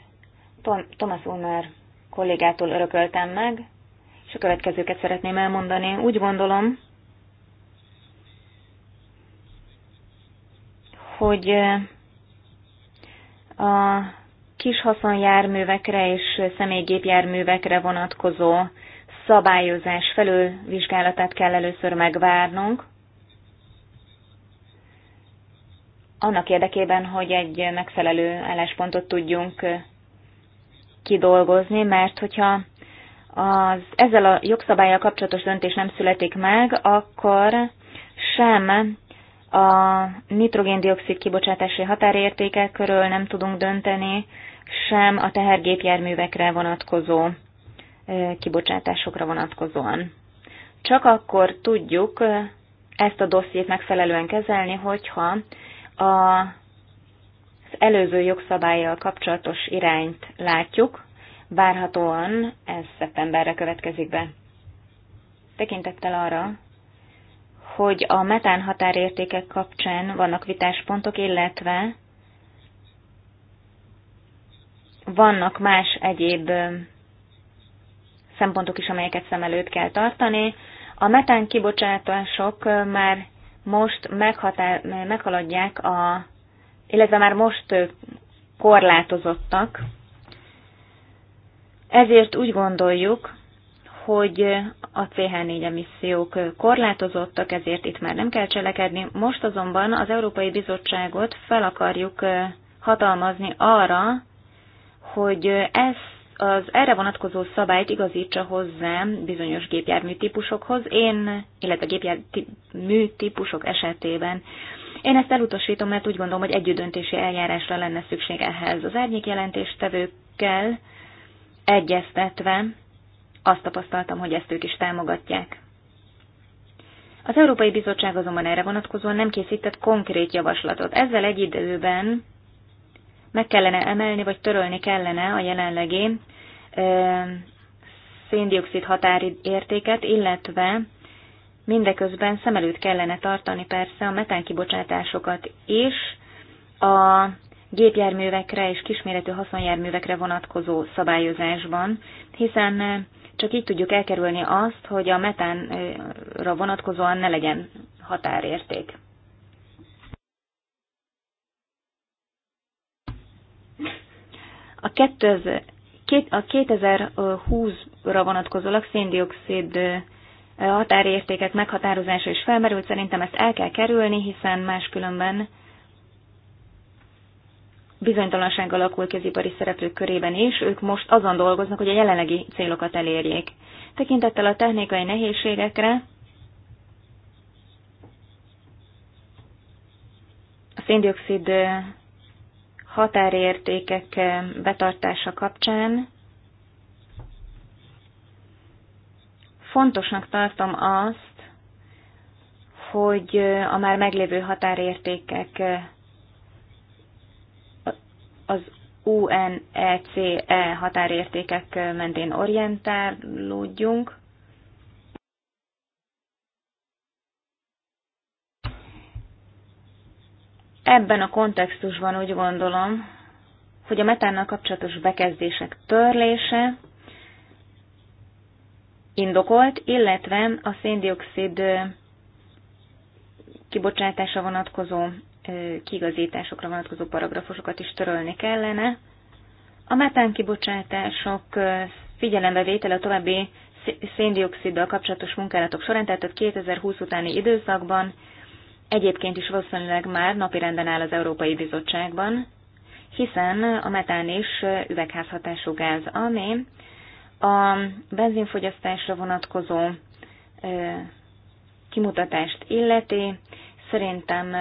Tom, Thomas Ulmer kollégától örököltem meg, és a következőket szeretném elmondani. Úgy gondolom, hogy a kis haszonjárművekre és személygépjárművekre vonatkozó szabályozás felülvizsgálatát kell először megvárnunk, annak érdekében, hogy egy megfelelő álláspontot tudjunk kidolgozni, mert hogyha az ezzel a jogszabályjal kapcsolatos döntés nem születik meg, akkor sem a nitrogéndiokszid kibocsátási határértékek körül nem tudunk dönteni, sem a tehergépjárművekre vonatkozó kibocsátásokra vonatkozóan. Csak akkor tudjuk ezt a dossziét megfelelően kezelni, hogyha a, az előző jogszabályjal kapcsolatos irányt látjuk, várhatóan ez szeptemberre következik be. Tekintettel arra, hogy a metán határértékek kapcsán vannak vitáspontok, illetve vannak más egyéb szempontok is, amelyeket szem előtt kell tartani. A metán kibocsátások már most meghatá, meghaladják a, illetve már most korlátozottak. Ezért úgy gondoljuk, hogy a CH4 emissziók korlátozottak, ezért itt már nem kell cselekedni. Most azonban az Európai Bizottságot fel akarjuk hatalmazni arra, hogy ezt az erre vonatkozó szabályt igazítsa hozzá bizonyos gépjármű típusokhoz, én, illetve gépjármű típusok esetében. Én ezt elutasítom, mert úgy gondolom, hogy együttdöntési eljárásra lenne szükség ehhez. Az árnyék jelentéstevőkkel egyeztetve azt tapasztaltam, hogy ezt ők is támogatják. Az Európai Bizottság azonban erre vonatkozóan nem készített konkrét javaslatot. Ezzel egy időben meg kellene emelni, vagy törölni kellene a jelenlegi széndiokszid értéket, illetve mindeközben szem előtt kellene tartani persze a metánkibocsátásokat is, a gépjárművekre és kisméretű haszonjárművekre vonatkozó szabályozásban, hiszen csak így tudjuk elkerülni azt, hogy a metánra vonatkozóan ne legyen határérték. A 2000, a 2020-ra vonatkozólag széndiokszid határértékek meghatározása is felmerült, szerintem ezt el kell kerülni, hiszen máskülönben bizonytalanság alakul közipari szereplők körében is, ők most azon dolgoznak, hogy a jelenlegi célokat elérjék. Tekintettel a technikai nehézségekre, a széndiokszid határértékek eh, betartása kapcsán fontosnak tartom azt, hogy eh, a már meglévő határértékek eh, az UNECE e határértékek mentén orientálódjunk, Ebben a kontextusban úgy gondolom, hogy a metánnal kapcsolatos bekezdések törlése indokolt, illetve a széndiokszid kibocsátása vonatkozó kigazításokra vonatkozó paragrafusokat is törölni kellene. A metán kibocsátások figyelembevétele a további széndioksziddal kapcsolatos munkálatok során, tehát a 2020 utáni időszakban egyébként is valószínűleg már napirenden áll az Európai Bizottságban, hiszen a metán is üvegházhatású gáz, ami a benzinfogyasztásra vonatkozó kimutatást illeti. Szerintem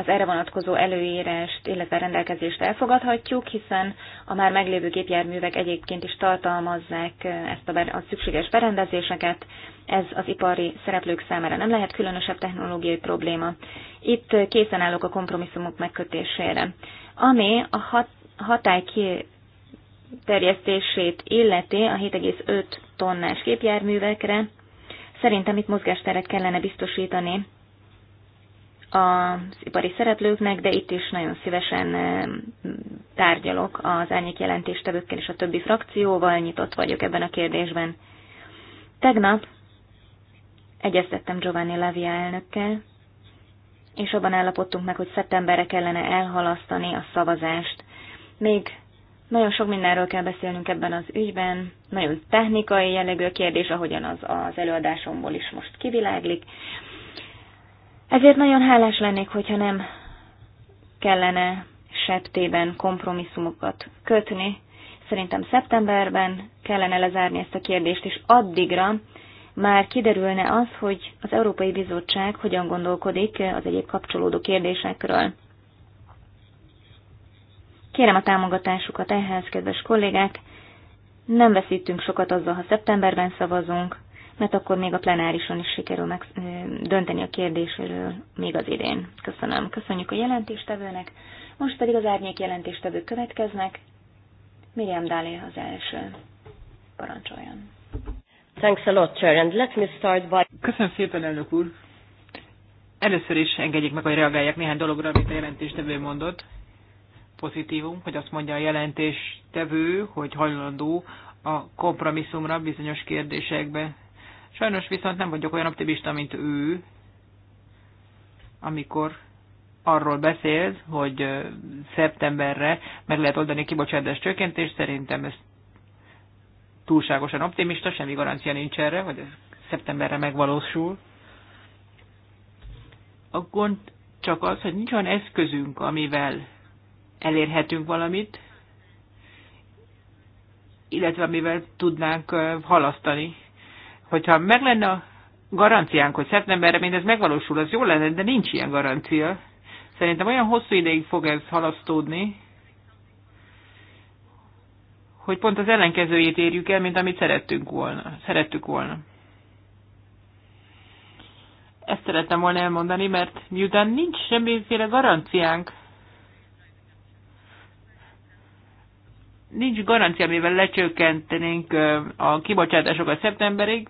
az erre vonatkozó előírást, illetve rendelkezést elfogadhatjuk, hiszen a már meglévő gépjárművek egyébként is tartalmazzák ezt a, a szükséges berendezéseket, ez az ipari szereplők számára nem lehet különösebb technológiai probléma. Itt készen állok a kompromisszumok megkötésére. Ami a hat, hatály terjesztését illeti a 7,5 tonnás gépjárművekre, szerintem itt mozgásteret kellene biztosítani az ipari szereplőknek, de itt is nagyon szívesen tárgyalok az árnyék jelentéstevőkkel és a többi frakcióval, nyitott vagyok ebben a kérdésben. Tegnap egyeztettem Giovanni Lavia elnökkel, és abban állapodtunk meg, hogy szeptemberre kellene elhalasztani a szavazást. Még nagyon sok mindenről kell beszélnünk ebben az ügyben, nagyon technikai jellegű a kérdés, ahogyan az, az előadásomból is most kiviláglik, ezért nagyon hálás lennék, hogyha nem kellene septében kompromisszumokat kötni. Szerintem szeptemberben kellene lezárni ezt a kérdést, és addigra már kiderülne az, hogy az Európai Bizottság hogyan gondolkodik az egyéb kapcsolódó kérdésekről. Kérem a támogatásukat ehhez, kedves kollégák! Nem veszítünk sokat azzal, ha szeptemberben szavazunk, mert akkor még a plenárison is sikerül meg, dönteni a kérdésről még az idén. Köszönöm. Köszönjük a jelentéstevőnek. Most pedig az árnyék jelentéstevők következnek. Miriam Dálé az első. Parancsoljon. Thanks a lot, Chair, and let me start by... Köszönöm szépen, elnök úr. Először is engedjék meg, hogy reagáljak néhány dologra, amit a jelentéstevő mondott. Pozitívum, hogy azt mondja a jelentéstevő, hogy hajlandó a kompromisszumra bizonyos kérdésekbe Sajnos viszont nem vagyok olyan optimista, mint ő, amikor arról beszélt, hogy szeptemberre meg lehet oldani kibocsátás csökkentést, szerintem ez túlságosan optimista, semmi garancia nincs erre, hogy ez szeptemberre megvalósul. A gond csak az, hogy nincs olyan eszközünk, amivel elérhetünk valamit, illetve amivel tudnánk halasztani hogyha meg lenne a garanciánk, hogy szeptemberre mindez megvalósul, az jó lenne, de nincs ilyen garancia. Szerintem olyan hosszú ideig fog ez halasztódni, hogy pont az ellenkezőjét érjük el, mint amit szerettünk volna, szerettük volna. Ezt szerettem volna elmondani, mert miután nincs semmiféle garanciánk, nincs garancia, amivel lecsökkentenénk a kibocsátásokat szeptemberig,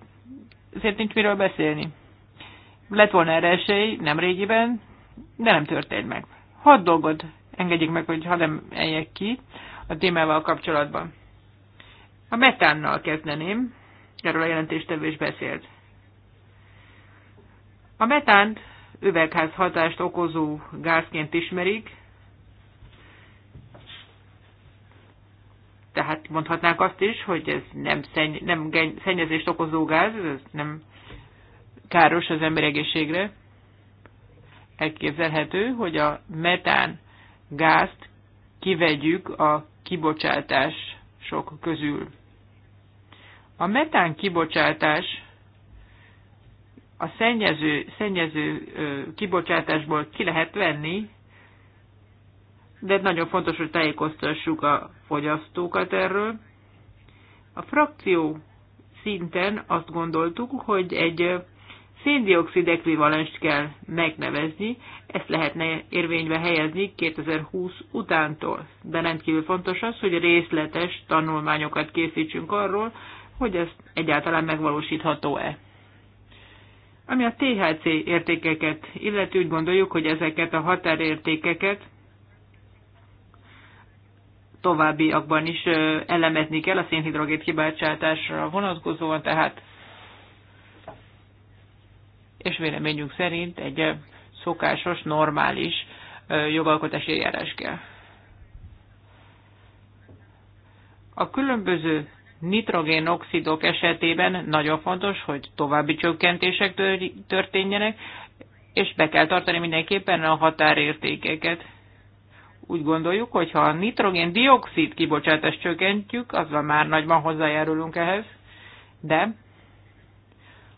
ezért nincs miről beszélni. Lett volna erre esély, nem régiben, de nem történt meg. Hat dolgot engedjék meg, hogy hadd emeljek ki a témával kapcsolatban. A metánnal kezdeném, erről a jelentéstevő is beszélt. A metánt üvegházhatást okozó gázként ismerik, Tehát mondhatnánk azt is, hogy ez nem, szenny, nem szennyezést okozó gáz, ez nem káros az ember egészségre. Elképzelhető, hogy a metán gázt kivegyük a kibocsátás sok közül. A metán kibocsátás a szennyező, szennyező kibocsátásból ki lehet venni de nagyon fontos, hogy tájékoztassuk a fogyasztókat erről. A frakció szinten azt gondoltuk, hogy egy széndiokszid ekvivalenst kell megnevezni, ezt lehetne érvénybe helyezni 2020 utántól. De rendkívül fontos az, hogy részletes tanulmányokat készítsünk arról, hogy ez egyáltalán megvalósítható-e. Ami a THC értékeket illeti, úgy gondoljuk, hogy ezeket a határértékeket továbbiakban is elemezni kell a szénhidrogét kibácsátásra vonatkozóan, tehát és véleményünk szerint egy szokásos, normális jogalkotási eljárás kell. A különböző nitrogénoxidok esetében nagyon fontos, hogy további csökkentések történjenek, és be kell tartani mindenképpen a határértékeket úgy gondoljuk, hogy ha a nitrogén-dioxid kibocsátást csökkentjük, azzal már nagyban hozzájárulunk ehhez, de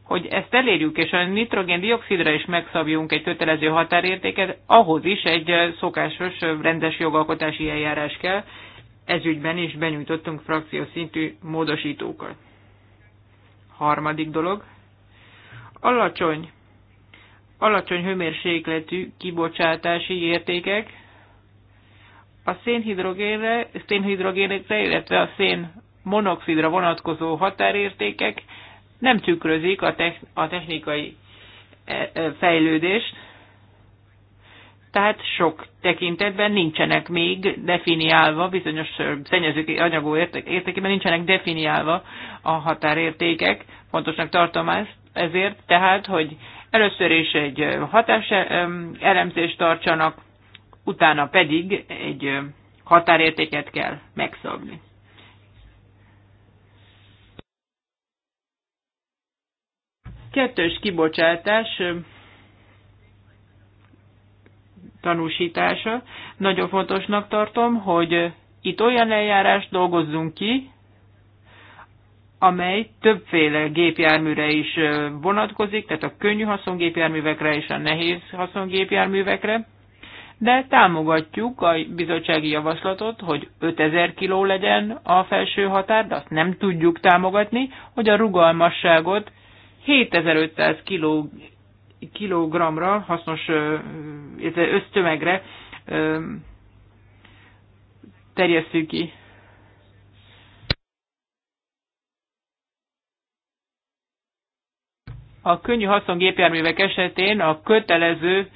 hogy ezt elérjük, és a nitrogén-dioxidra is megszabjunk egy kötelező határértéket, ahhoz is egy szokásos, rendes jogalkotási eljárás kell. Ez is benyújtottunk frakció szintű módosítókat. Harmadik dolog. Alacsony alacsony hőmérsékletű kibocsátási értékek, a szénhidrogénre, szénhidrogénekre, illetve a szén monoxidra vonatkozó határértékek nem tükrözik a, a technikai e, e, fejlődést, tehát sok tekintetben nincsenek még definiálva, bizonyos szennyező anyagú értékében nincsenek definiálva a határértékek, fontosnak tartom ezt, ezért tehát, hogy először is egy hatás elemzést tartsanak, utána pedig egy határértéket kell megszabni. Kettős kibocsátás tanúsítása. Nagyon fontosnak tartom, hogy itt olyan eljárást dolgozzunk ki, amely többféle gépjárműre is vonatkozik, tehát a könnyű haszongépjárművekre és a nehéz haszongépjárművekre de támogatjuk a bizottsági javaslatot, hogy 5000 kiló legyen a felső határ, de azt nem tudjuk támogatni, hogy a rugalmasságot 7500 kiló, kilogramra, hasznos össztömegre terjesszük ki. A könnyű haszongépjárművek esetén a kötelező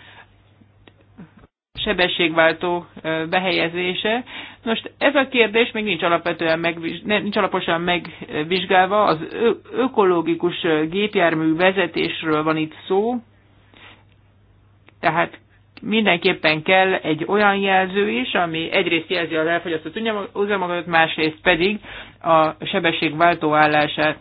sebességváltó behelyezése. Most ez a kérdés még nincs, alapvetően megviz, nincs alaposan megvizsgálva, az ökológikus gépjármű vezetésről van itt szó, tehát mindenképpen kell egy olyan jelző is, ami egyrészt jelzi az elfogyasztott üzemanyagot, másrészt pedig a sebességváltó állását.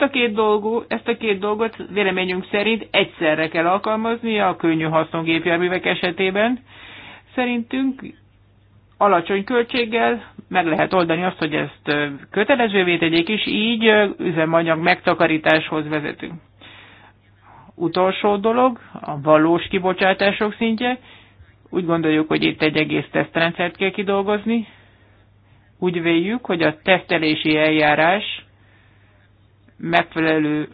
Ezt a két, dolgú, ezt a két dolgot véleményünk szerint egyszerre kell alkalmazni a könnyű hasznon gépjárművek esetében. Szerintünk alacsony költséggel meg lehet oldani azt, hogy ezt kötelezővé tegyék, és így üzemanyag megtakarításhoz vezetünk. Utolsó dolog, a valós kibocsátások szintje. Úgy gondoljuk, hogy itt egy egész tesztrendszert kell kidolgozni. Úgy véljük, hogy a tesztelési eljárás megfelelő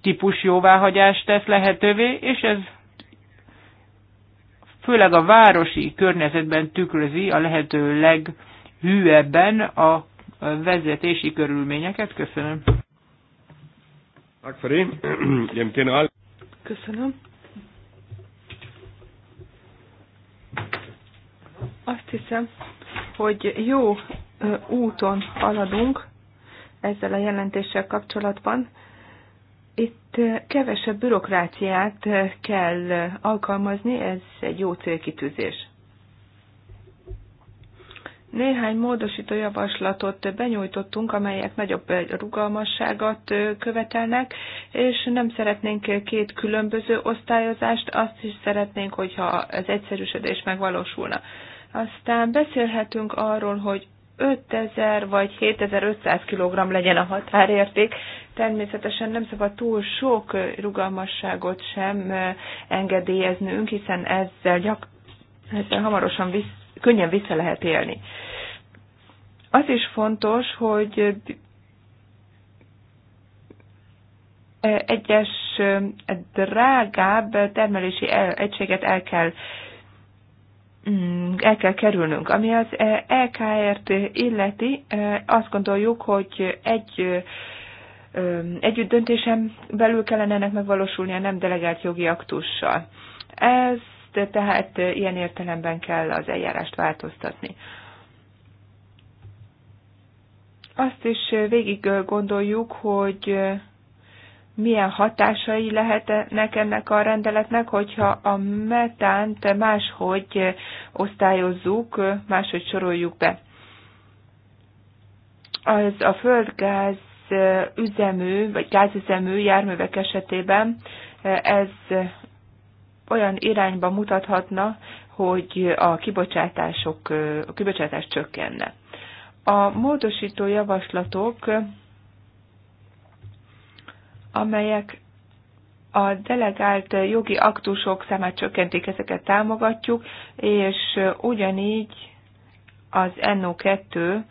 típus jóváhagyást tesz lehetővé, és ez főleg a városi környezetben tükrözi a lehető leghűebben a vezetési körülményeket. Köszönöm. *clears throat* Köszönöm. Azt hiszem, hogy jó úton haladunk, ezzel a jelentéssel kapcsolatban. Itt kevesebb bürokráciát kell alkalmazni, ez egy jó célkitűzés. Néhány módosító javaslatot benyújtottunk, amelyek nagyobb rugalmasságot követelnek, és nem szeretnénk két különböző osztályozást, azt is szeretnénk, hogyha az egyszerűsödés megvalósulna. Aztán beszélhetünk arról, hogy 5000 vagy 7500 kg legyen a határérték. Természetesen nem szabad túl sok rugalmasságot sem engedélyeznünk, hiszen ezzel, gyak, ezzel hamarosan visz, könnyen vissza lehet élni. Az is fontos, hogy egyes drágább termelési egységet el kell Mm, el kell kerülnünk. Ami az LKR-t e, e illeti, e, azt gondoljuk, hogy egy együtt döntésem belül kellene ennek megvalósulnia, nem delegált jogi aktussal. Ezt tehát ilyen értelemben kell az eljárást változtatni. Azt is végig gondoljuk, hogy milyen hatásai lehetnek ennek a rendeletnek, hogyha a metánt máshogy osztályozzuk, máshogy soroljuk be. Az a földgáz üzemű, vagy gázüzemű járművek esetében ez olyan irányba mutathatna, hogy a kibocsátások, a kibocsátás csökkenne. A módosító javaslatok amelyek a delegált jogi aktusok számát csökkentik, ezeket támogatjuk, és ugyanígy az NO2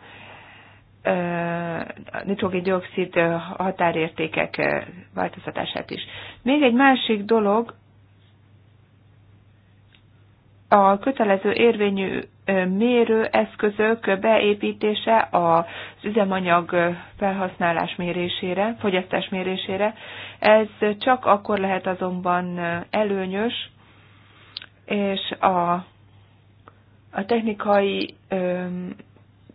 nitrogén-dioxid határértékek változtatását is. Még egy másik dolog, a kötelező érvényű mérőeszközök beépítése az üzemanyag felhasználás mérésére, fogyasztás mérésére. Ez csak akkor lehet azonban előnyös, és a, a technikai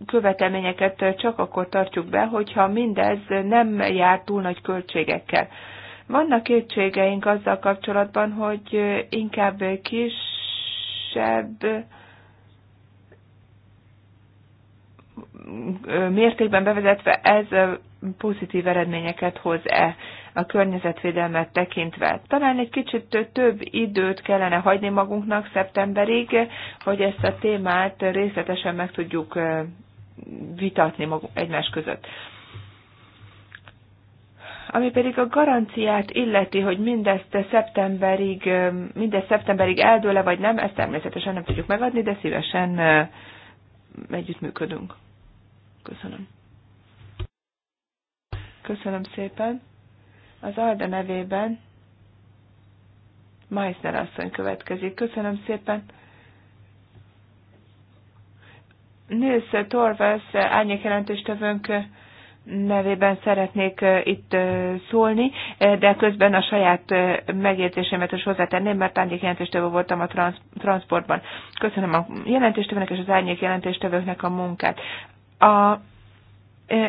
követelményeket csak akkor tartjuk be, hogyha mindez nem jár túl nagy költségekkel. Vannak kétségeink azzal kapcsolatban, hogy inkább kis kisebb mértékben bevezetve ez pozitív eredményeket hoz-e a környezetvédelmet tekintve. Talán egy kicsit több időt kellene hagyni magunknak szeptemberig, hogy ezt a témát részletesen meg tudjuk vitatni egymás között. Ami pedig a garanciát illeti, hogy mindezt szeptemberig, mindez szeptemberig eldőle vagy nem, ezt természetesen nem tudjuk megadni, de szívesen együttműködünk. Köszönöm. Köszönöm szépen. Az Alda nevében Meissner asszony következik. Köszönöm szépen. Nils Torvesz árnyékjelentéstevőnk jelentéstevőnk nevében szeretnék itt szólni, de közben a saját megértésemet is hozzátenném, mert árnyék jelentéstevő voltam a transz, transportban. Köszönöm a jelentéstevőnek és az árnyék jelentéstevőknek a munkát. A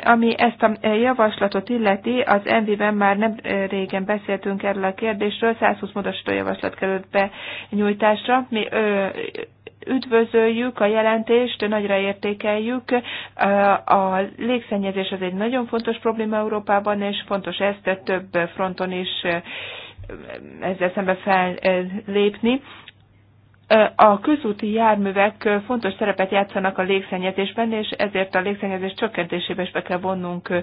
ami ezt a javaslatot illeti, az MV-ben már nem régen beszéltünk erről a kérdésről, 120 módosító javaslat került be nyújtásra. Mi ö, üdvözöljük a jelentést, nagyra értékeljük. A légszennyezés az egy nagyon fontos probléma Európában, és fontos ezt több fronton is ezzel szembe fellépni. A közúti járművek fontos szerepet játszanak a légszennyezésben, és ezért a légszennyezés csökkentésébe is be kell vonnunk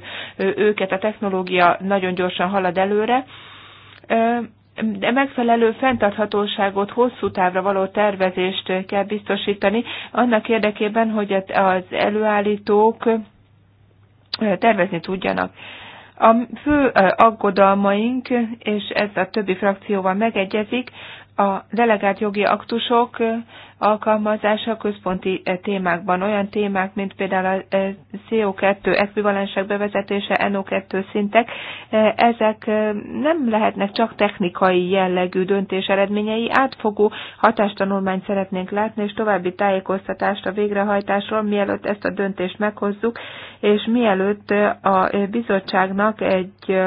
őket. A technológia nagyon gyorsan halad előre de megfelelő fenntarthatóságot, hosszú távra való tervezést kell biztosítani, annak érdekében, hogy az előállítók tervezni tudjanak. A fő aggodalmaink, és ez a többi frakcióval megegyezik, a delegált jogi aktusok alkalmazása központi témákban, olyan témák, mint például a CO2 ekvivalensek bevezetése, NO2 szintek, ezek nem lehetnek csak technikai jellegű döntés eredményei, átfogó hatástanulmányt szeretnénk látni, és további tájékoztatást a végrehajtásról, mielőtt ezt a döntést meghozzuk, és mielőtt a bizottságnak egy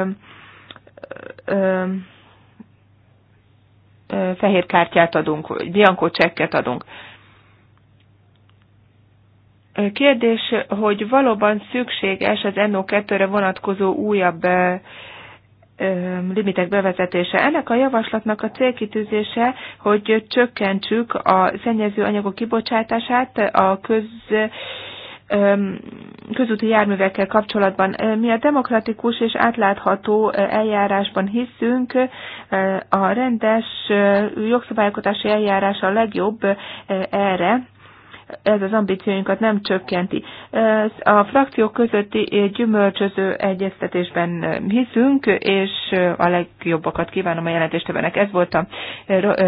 fehér kártyát adunk, vagy bianco csekket adunk. Kérdés, hogy valóban szükséges az NO2-re vonatkozó újabb limitek bevezetése. Ennek a javaslatnak a célkitűzése, hogy csökkentsük a szennyező anyagok kibocsátását a köz közúti járművekkel kapcsolatban. Mi a demokratikus és átlátható eljárásban hiszünk, a rendes jogszabályokatási eljárás a legjobb erre, ez az ambícióinkat nem csökkenti. A frakciók közötti gyümölcsöző egyeztetésben hiszünk, és a legjobbakat kívánom a jelentéstevőnek. Ez volt a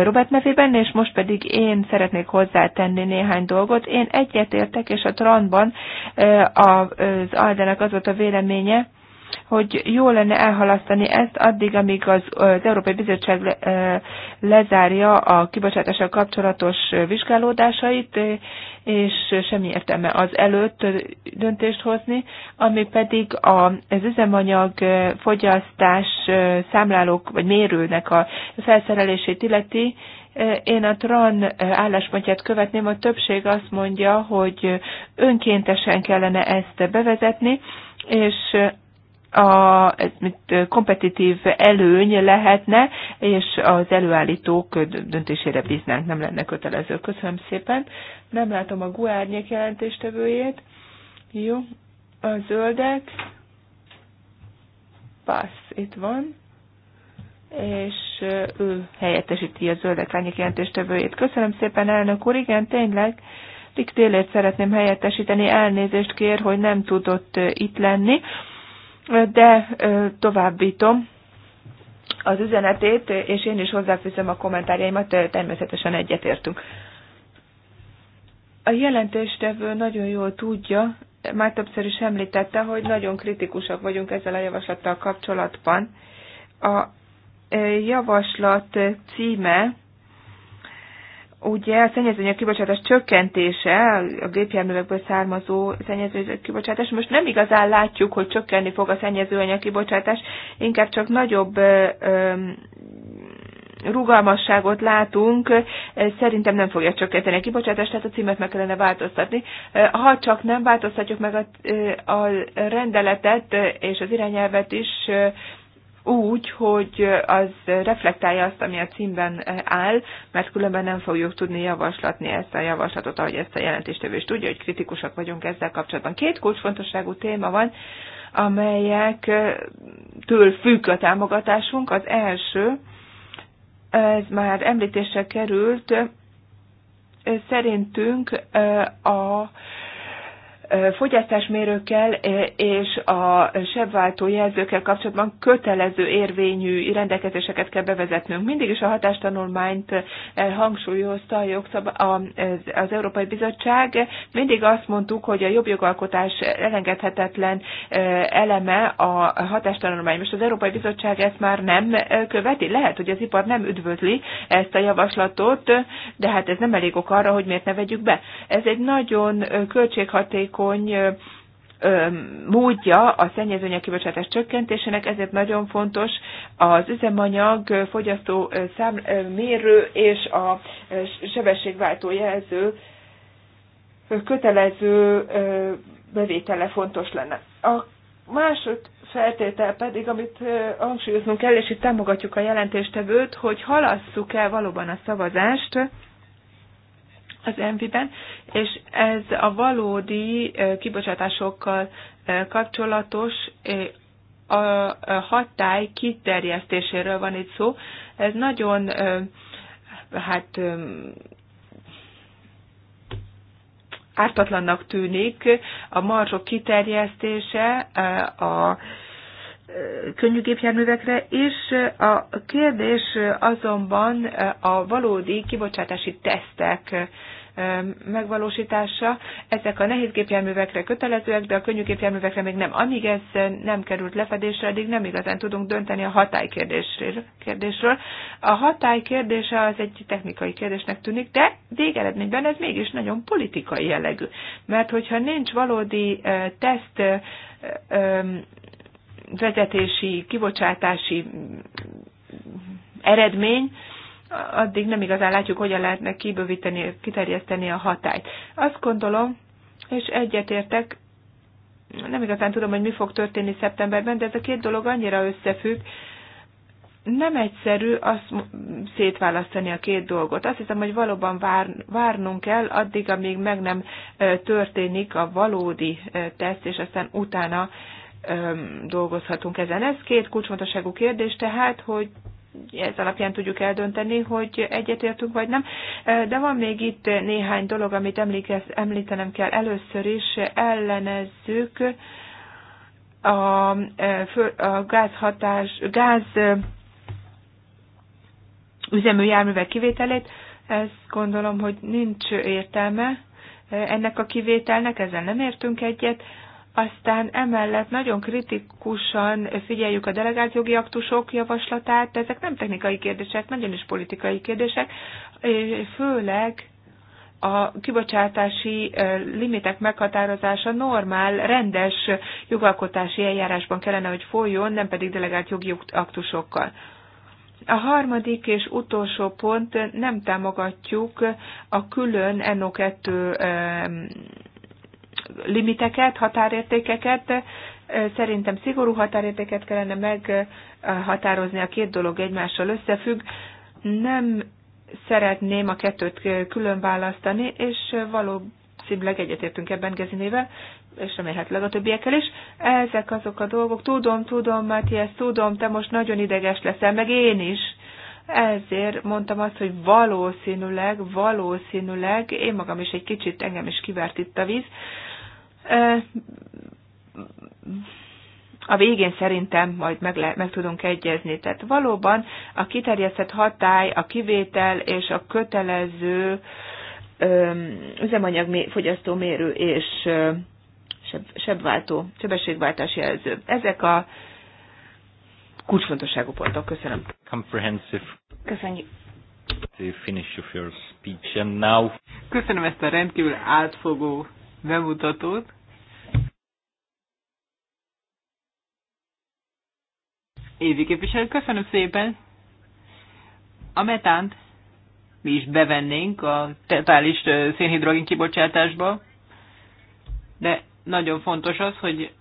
Robert nevében, és most pedig én szeretnék hozzátenni néhány dolgot. Én egyetértek, és a Tranban e, az Aldenek az volt a véleménye, hogy jó lenne elhalasztani ezt addig, amíg az, az Európai Bizottság lezárja a kibocsátással kapcsolatos vizsgálódásait, és semmi értelme az előtt döntést hozni, ami pedig az üzemanyag fogyasztás számlálók vagy mérőnek a felszerelését illeti, én a TRAN álláspontját követném, a többség azt mondja, hogy önkéntesen kellene ezt bevezetni, és a kompetitív előny lehetne, és az előállítók döntésére bíznánk, nem lenne kötelező. Köszönöm szépen. Nem látom a guárnyék e jelentéstevőjét. Jó. A zöldek. Passz, itt van. És ő helyettesíti a zöldek lányék jelentéstevőjét. Köszönöm szépen, elnök úr. Igen, tényleg. Dick Délét szeretném helyettesíteni. Elnézést kér, hogy nem tudott itt lenni de továbbítom az üzenetét, és én is hozzáfűzöm a kommentárjaimat, természetesen egyetértünk. A jelentéstevő nagyon jól tudja, már többször is említette, hogy nagyon kritikusak vagyunk ezzel a javaslattal kapcsolatban. A javaslat címe ugye a szennyezőanyag kibocsátás csökkentése, a gépjárművekből származó szennyezőanyag kibocsátás, most nem igazán látjuk, hogy csökkenni fog a szennyezőanyag kibocsátás, inkább csak nagyobb rugalmasságot látunk, szerintem nem fogja csökkenteni a kibocsátást, tehát a címet meg kellene változtatni. Ha csak nem változtatjuk meg a, a rendeletet és az irányelvet is, úgy, hogy az reflektálja azt, ami a címben áll, mert különben nem fogjuk tudni javaslatni ezt a javaslatot, ahogy ezt a jelentéstevő is tudja, hogy kritikusak vagyunk ezzel kapcsolatban. Két kulcsfontosságú téma van, amelyek től függ a támogatásunk. Az első, ez már említésre került, szerintünk a fogyasztásmérőkkel és a sebváltó jelzőkkel kapcsolatban kötelező érvényű rendelkezéseket kell bevezetnünk. Mindig is a hatástanulmányt hangsúlyozta a jogszab- az Európai Bizottság. Mindig azt mondtuk, hogy a jobb jogalkotás elengedhetetlen eleme a hatástanulmány. Most az Európai Bizottság ezt már nem követi. Lehet, hogy az ipar nem üdvözli ezt a javaslatot, de hát ez nem elég ok arra, hogy miért ne vegyük be. Ez egy nagyon költséghatékony hatékony módja a szennyezőanyag kibocsátás csökkentésének, ezért nagyon fontos az üzemanyag fogyasztó szám, mérő és a sebességváltó jelző kötelező bevétele fontos lenne. A másod feltétel pedig, amit hangsúlyoznunk kell, és itt támogatjuk a jelentéstevőt, hogy halasszuk el valóban a szavazást, az MV-ben, és ez a valódi kibocsátásokkal kapcsolatos a hatály kiterjesztéséről van itt szó. Ez nagyon, hát ártatlannak tűnik a marzsok kiterjesztése, a könnyű gépjárművekre is. A kérdés azonban a valódi kibocsátási tesztek megvalósítása. Ezek a nehéz gépjárművekre kötelezőek, de a könnyű gépjárművekre még nem. Amíg ez nem került lefedésre, addig nem igazán tudunk dönteni a hatály kérdésről. A hatály kérdése az egy technikai kérdésnek tűnik, de végeredményben ez mégis nagyon politikai jellegű. Mert hogyha nincs valódi teszt vezetési, kibocsátási eredmény, addig nem igazán látjuk, hogyan lehetne kibővíteni, kiterjeszteni a hatályt. Azt gondolom, és egyetértek, nem igazán tudom, hogy mi fog történni szeptemberben, de ez a két dolog annyira összefügg, nem egyszerű azt szétválasztani a két dolgot. Azt hiszem, hogy valóban vár, várnunk kell addig, amíg meg nem történik a valódi teszt, és aztán utána dolgozhatunk ezen. Ez két kulcsfontosságú kérdés, tehát, hogy ez alapján tudjuk eldönteni, hogy egyetértünk vagy nem. De van még itt néhány dolog, amit emlékez, említenem kell. Először is ellenezzük a, a gázhatás, gáz üzemű járművek kivételét. Ezt gondolom, hogy nincs értelme ennek a kivételnek, ezzel nem értünk egyet. Aztán emellett nagyon kritikusan figyeljük a delegált jogi aktusok javaslatát, de ezek nem technikai kérdések, nagyon is politikai kérdések, főleg a kibocsátási limitek meghatározása normál, rendes jogalkotási eljárásban kellene, hogy folyjon, nem pedig delegált jogi aktusokkal. A harmadik és utolsó pont, nem támogatjuk a külön NO2 limiteket, határértékeket. Szerintem szigorú határértéket kellene meghatározni, a két dolog egymással összefügg. Nem szeretném a kettőt külön választani, és valószínűleg egyetértünk ebben Gezinével, és remélhetőleg a többiekkel is. Ezek azok a dolgok. Tudom, tudom, Matthias, tudom, te most nagyon ideges leszel, meg én is. Ezért mondtam azt, hogy valószínűleg, valószínűleg, én magam is egy kicsit, engem is kivert itt a víz, a végén szerintem majd meg, le, meg tudunk egyezni. Tehát valóban a kiterjesztett hatály, a kivétel és a kötelező üzemanyagfogyasztó mérő és seb, sebváltó, sebességváltás jelző. Ezek a kulcsfontosságú pontok. Köszönöm. Comprehensive. Köszönjük. To finish of your speech and now. Köszönöm ezt a rendkívül átfogó bemutatót. Évi képviselő, köszönöm szépen! A metánt mi is bevennénk a tetális szénhidrogén kibocsátásba, de nagyon fontos az, hogy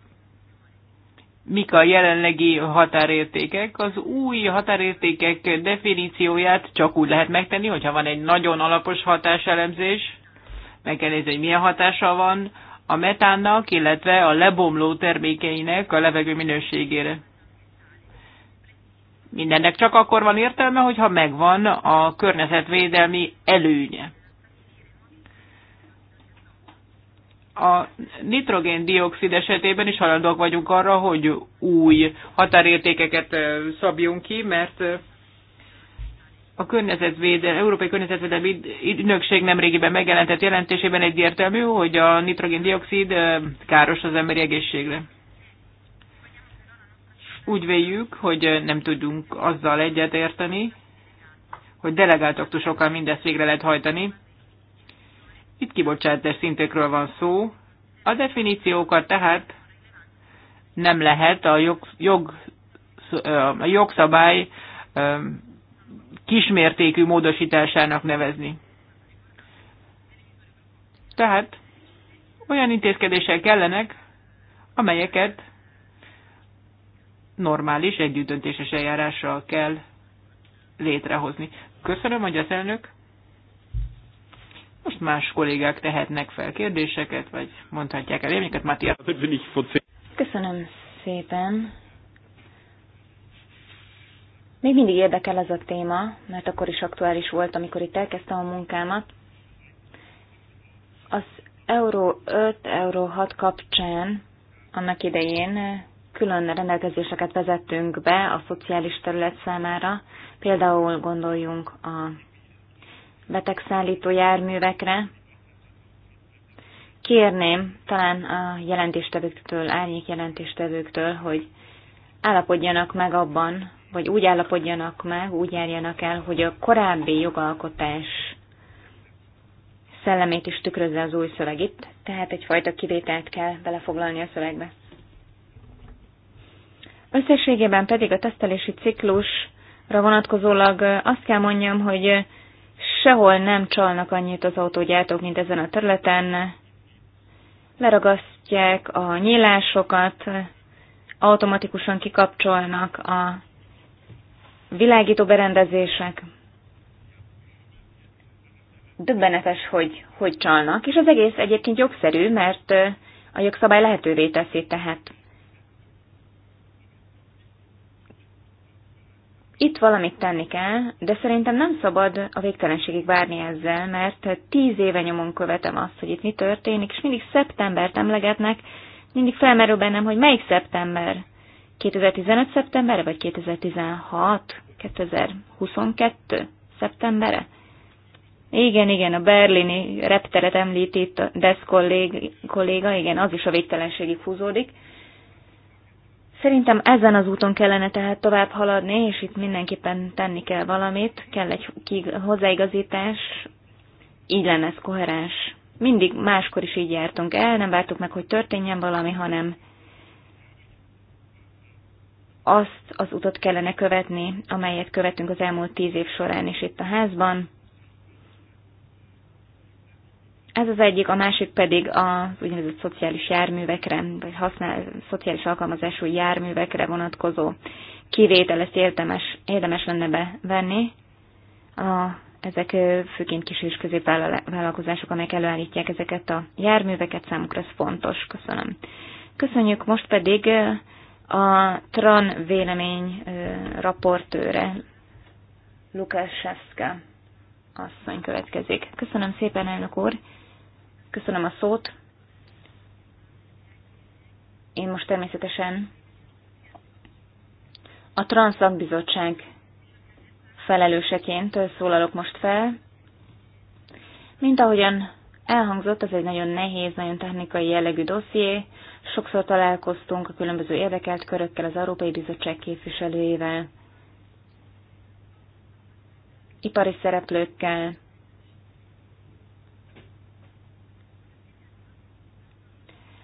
mik a jelenlegi határértékek. Az új határértékek definícióját csak úgy lehet megtenni, hogyha van egy nagyon alapos hatáselemzés, meg kell nézni, hogy milyen hatása van a metánnak, illetve a lebomló termékeinek a levegő minőségére. Mindennek csak akkor van értelme, hogyha megvan a környezetvédelmi előnye. A nitrogén-dioxid esetében is hajlandók vagyunk arra, hogy új határértékeket szabjunk ki, mert a környezetvédel, Európai Környezetvédelmi Ügynökség nemrégiben megjelentett jelentésében egyértelmű, hogy a nitrogén-dioxid káros az emberi egészségre. Úgy véljük, hogy nem tudunk azzal egyetérteni, hogy delegált aktusokkal mindezt végre lehet hajtani. Itt kibocsátás szintekről van szó. A definíciókat tehát nem lehet a, jog, jog, a jogszabály kismértékű módosításának nevezni. Tehát olyan intézkedések kellenek, amelyeket normális együttöntéses eljárással kell létrehozni. Köszönöm, hogy az elnök. Most más kollégák tehetnek fel kérdéseket, vagy mondhatják el élményeket. Mátia. Köszönöm szépen. Még mindig érdekel ez a téma, mert akkor is aktuális volt, amikor itt elkezdtem a munkámat. Az Euró 5, Euró 6 kapcsán annak idején eh, külön rendelkezéseket vezettünk be a szociális terület számára. Például gondoljunk a betegszállító járművekre. Kérném talán a jelentéstevőktől, árnyék jelentéstevőktől, hogy állapodjanak meg abban, vagy úgy állapodjanak meg, úgy járjanak el, hogy a korábbi jogalkotás szellemét is tükrözze az új szöveg itt, tehát egyfajta kivételt kell belefoglalni a szövegbe. Összességében pedig a tesztelési ciklusra vonatkozólag azt kell mondjam, hogy sehol nem csalnak annyit az autógyártók, mint ezen a területen. Leragasztják a nyílásokat, automatikusan kikapcsolnak a világító berendezések. Döbbenetes, hogy hogy csalnak, és az egész egyébként jogszerű, mert a jogszabály lehetővé teszi, tehát Itt valamit tenni kell, de szerintem nem szabad a végtelenségig várni ezzel, mert tíz éve nyomon követem azt, hogy itt mi történik, és mindig szeptembert emlegetnek, mindig felmerül bennem, hogy melyik szeptember. 2015. szeptemberre vagy 2016, 2022. szeptemberre. Igen, igen, a berlini repteret említi itt a DESZ kolléga, igen, az is a végtelenségig húzódik. Szerintem ezen az úton kellene tehát tovább haladni, és itt mindenképpen tenni kell valamit, kell egy hozzáigazítás, így lenne ez koherens. Mindig máskor is így jártunk el, nem vártuk meg, hogy történjen valami, hanem azt az utat kellene követni, amelyet követünk az elmúlt tíz év során is itt a házban. Ez az egyik, a másik pedig az úgynevezett szociális járművekre, vagy használ, szociális alkalmazású járművekre vonatkozó kivétel, ezt érdemes, érdemes lenne bevenni. A, ezek főként kis és középvállalkozások, amelyek előállítják ezeket a járműveket, számukra ez fontos. Köszönöm. Köszönjük, most pedig a TRAN vélemény raportőre, Lukaszewska asszony következik. Köszönöm szépen, elnök úr! Köszönöm a szót! Én most természetesen a Transzakbizottság felelőseként szólalok most fel. Mint ahogyan elhangzott, ez egy nagyon nehéz, nagyon technikai jellegű dosszié, Sokszor találkoztunk a különböző érdekelt körökkel, az Európai Bizottság képviselőjével, ipari szereplőkkel.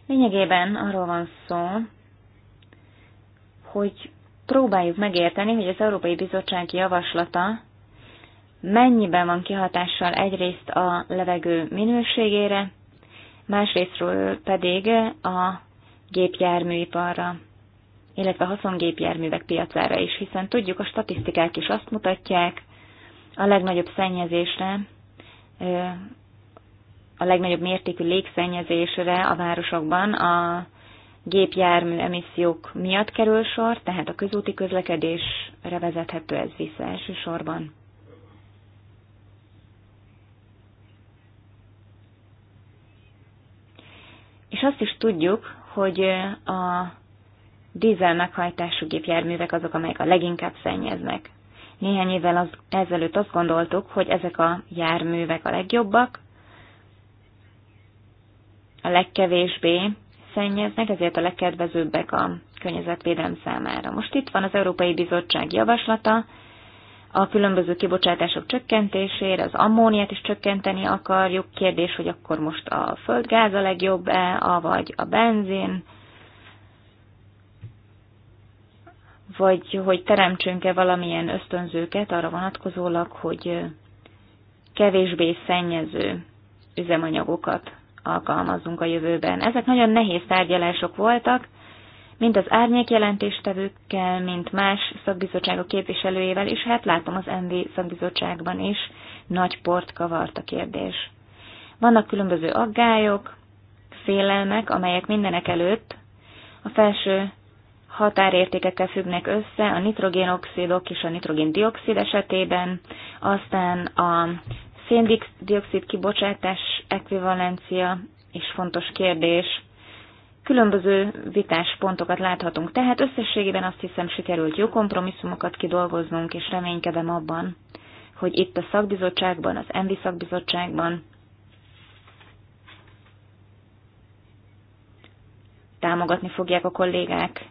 Lényegében arról van szó, hogy próbáljuk megérteni, hogy az Európai Bizottság javaslata mennyiben van kihatással egyrészt a levegő minőségére, másrésztről pedig a gépjárműiparra, illetve haszongépjárművek piacára is, hiszen tudjuk, a statisztikák is azt mutatják, a legnagyobb szennyezésre, a legnagyobb mértékű légszennyezésre a városokban a gépjármű emissziók miatt kerül sor, tehát a közúti közlekedésre vezethető ez vissza elsősorban. És azt is tudjuk, hogy a dízel meghajtású gépjárművek azok, amelyek a leginkább szennyeznek. Néhány évvel az, ezelőtt azt gondoltuk, hogy ezek a járművek a legjobbak, a legkevésbé szennyeznek, ezért a legkedvezőbbek a környezetvédelem számára. Most itt van az Európai Bizottság javaslata, a különböző kibocsátások csökkentésére, az ammóniát is csökkenteni akarjuk. Kérdés, hogy akkor most a földgáz a legjobb-e, vagy a benzin, vagy hogy teremtsünk-e valamilyen ösztönzőket arra vonatkozólag, hogy kevésbé szennyező üzemanyagokat alkalmazzunk a jövőben. Ezek nagyon nehéz tárgyalások voltak, mind az árnyék jelentéstevőkkel, mint más szakbizottságok képviselőjével, és hát látom az MV szakbizottságban is nagy port kavart a kérdés. Vannak különböző aggályok, félelmek, amelyek mindenek előtt a felső határértékekkel függnek össze, a nitrogénoxidok és a nitrogéndioxid esetében, aztán a széndiokszid kibocsátás ekvivalencia és fontos kérdés, Különböző vitáspontokat láthatunk, tehát összességében azt hiszem sikerült jó kompromisszumokat kidolgoznunk, és reménykedem abban, hogy itt a szakbizottságban, az ENVI szakbizottságban támogatni fogják a kollégák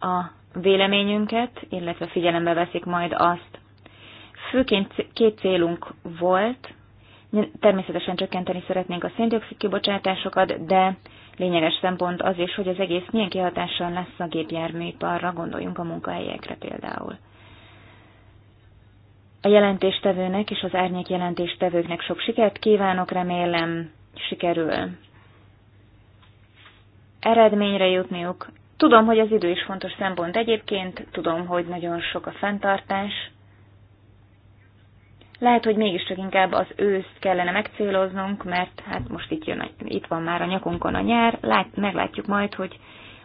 a véleményünket, illetve figyelembe veszik majd azt. Főként két célunk volt, Természetesen csökkenteni szeretnénk a széndiokszid kibocsátásokat, de lényeges szempont az is, hogy az egész milyen kihatással lesz a gépjárműiparra, gondoljunk a munkahelyekre például. A jelentéstevőnek és az árnyék jelentéstevőknek sok sikert kívánok, remélem sikerül eredményre jutniuk. Tudom, hogy az idő is fontos szempont egyébként, tudom, hogy nagyon sok a fenntartás, lehet, hogy mégiscsak inkább az őszt kellene megcéloznunk, mert hát most itt, jön, itt van már a nyakunkon a nyár, lát, meglátjuk majd, hogy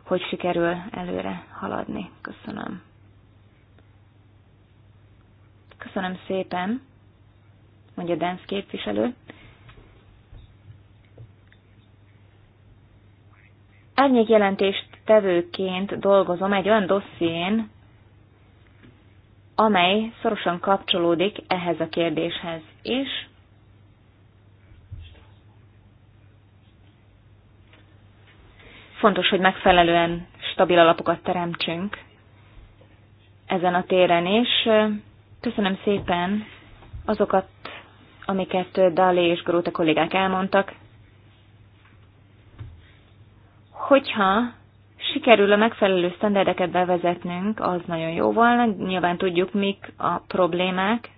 hogy sikerül előre haladni. Köszönöm. Köszönöm szépen, mondja Dance képviselő. Árnyék jelentést tevőként dolgozom egy olyan dosszién, amely szorosan kapcsolódik ehhez a kérdéshez is. Fontos, hogy megfelelően stabil alapokat teremtsünk ezen a téren, és köszönöm szépen azokat, amiket Dali és Gróta kollégák elmondtak. Hogyha sikerül a megfelelő sztenderdeket bevezetnünk, az nagyon jó volna, nyilván tudjuk, mik a problémák.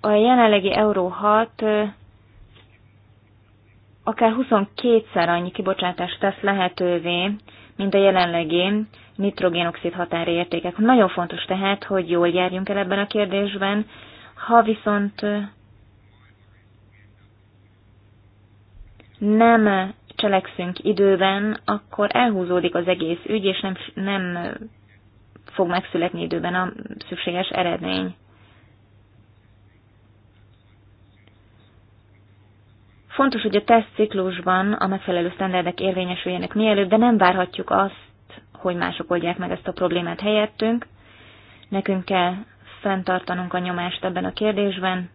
A jelenlegi Euró 6 akár 22-szer annyi kibocsátást tesz lehetővé, mint a jelenlegi nitrogénoxid határértékek. Nagyon fontos tehát, hogy jól járjunk el ebben a kérdésben. Ha viszont nem cselekszünk időben, akkor elhúzódik az egész ügy, és nem, nem fog megszületni időben a szükséges eredmény. Fontos, hogy a tesztciklusban a megfelelő sztenderdek érvényesüljenek mielőtt, de nem várhatjuk azt, hogy mások oldják meg ezt a problémát helyettünk. Nekünk kell fenntartanunk a nyomást ebben a kérdésben,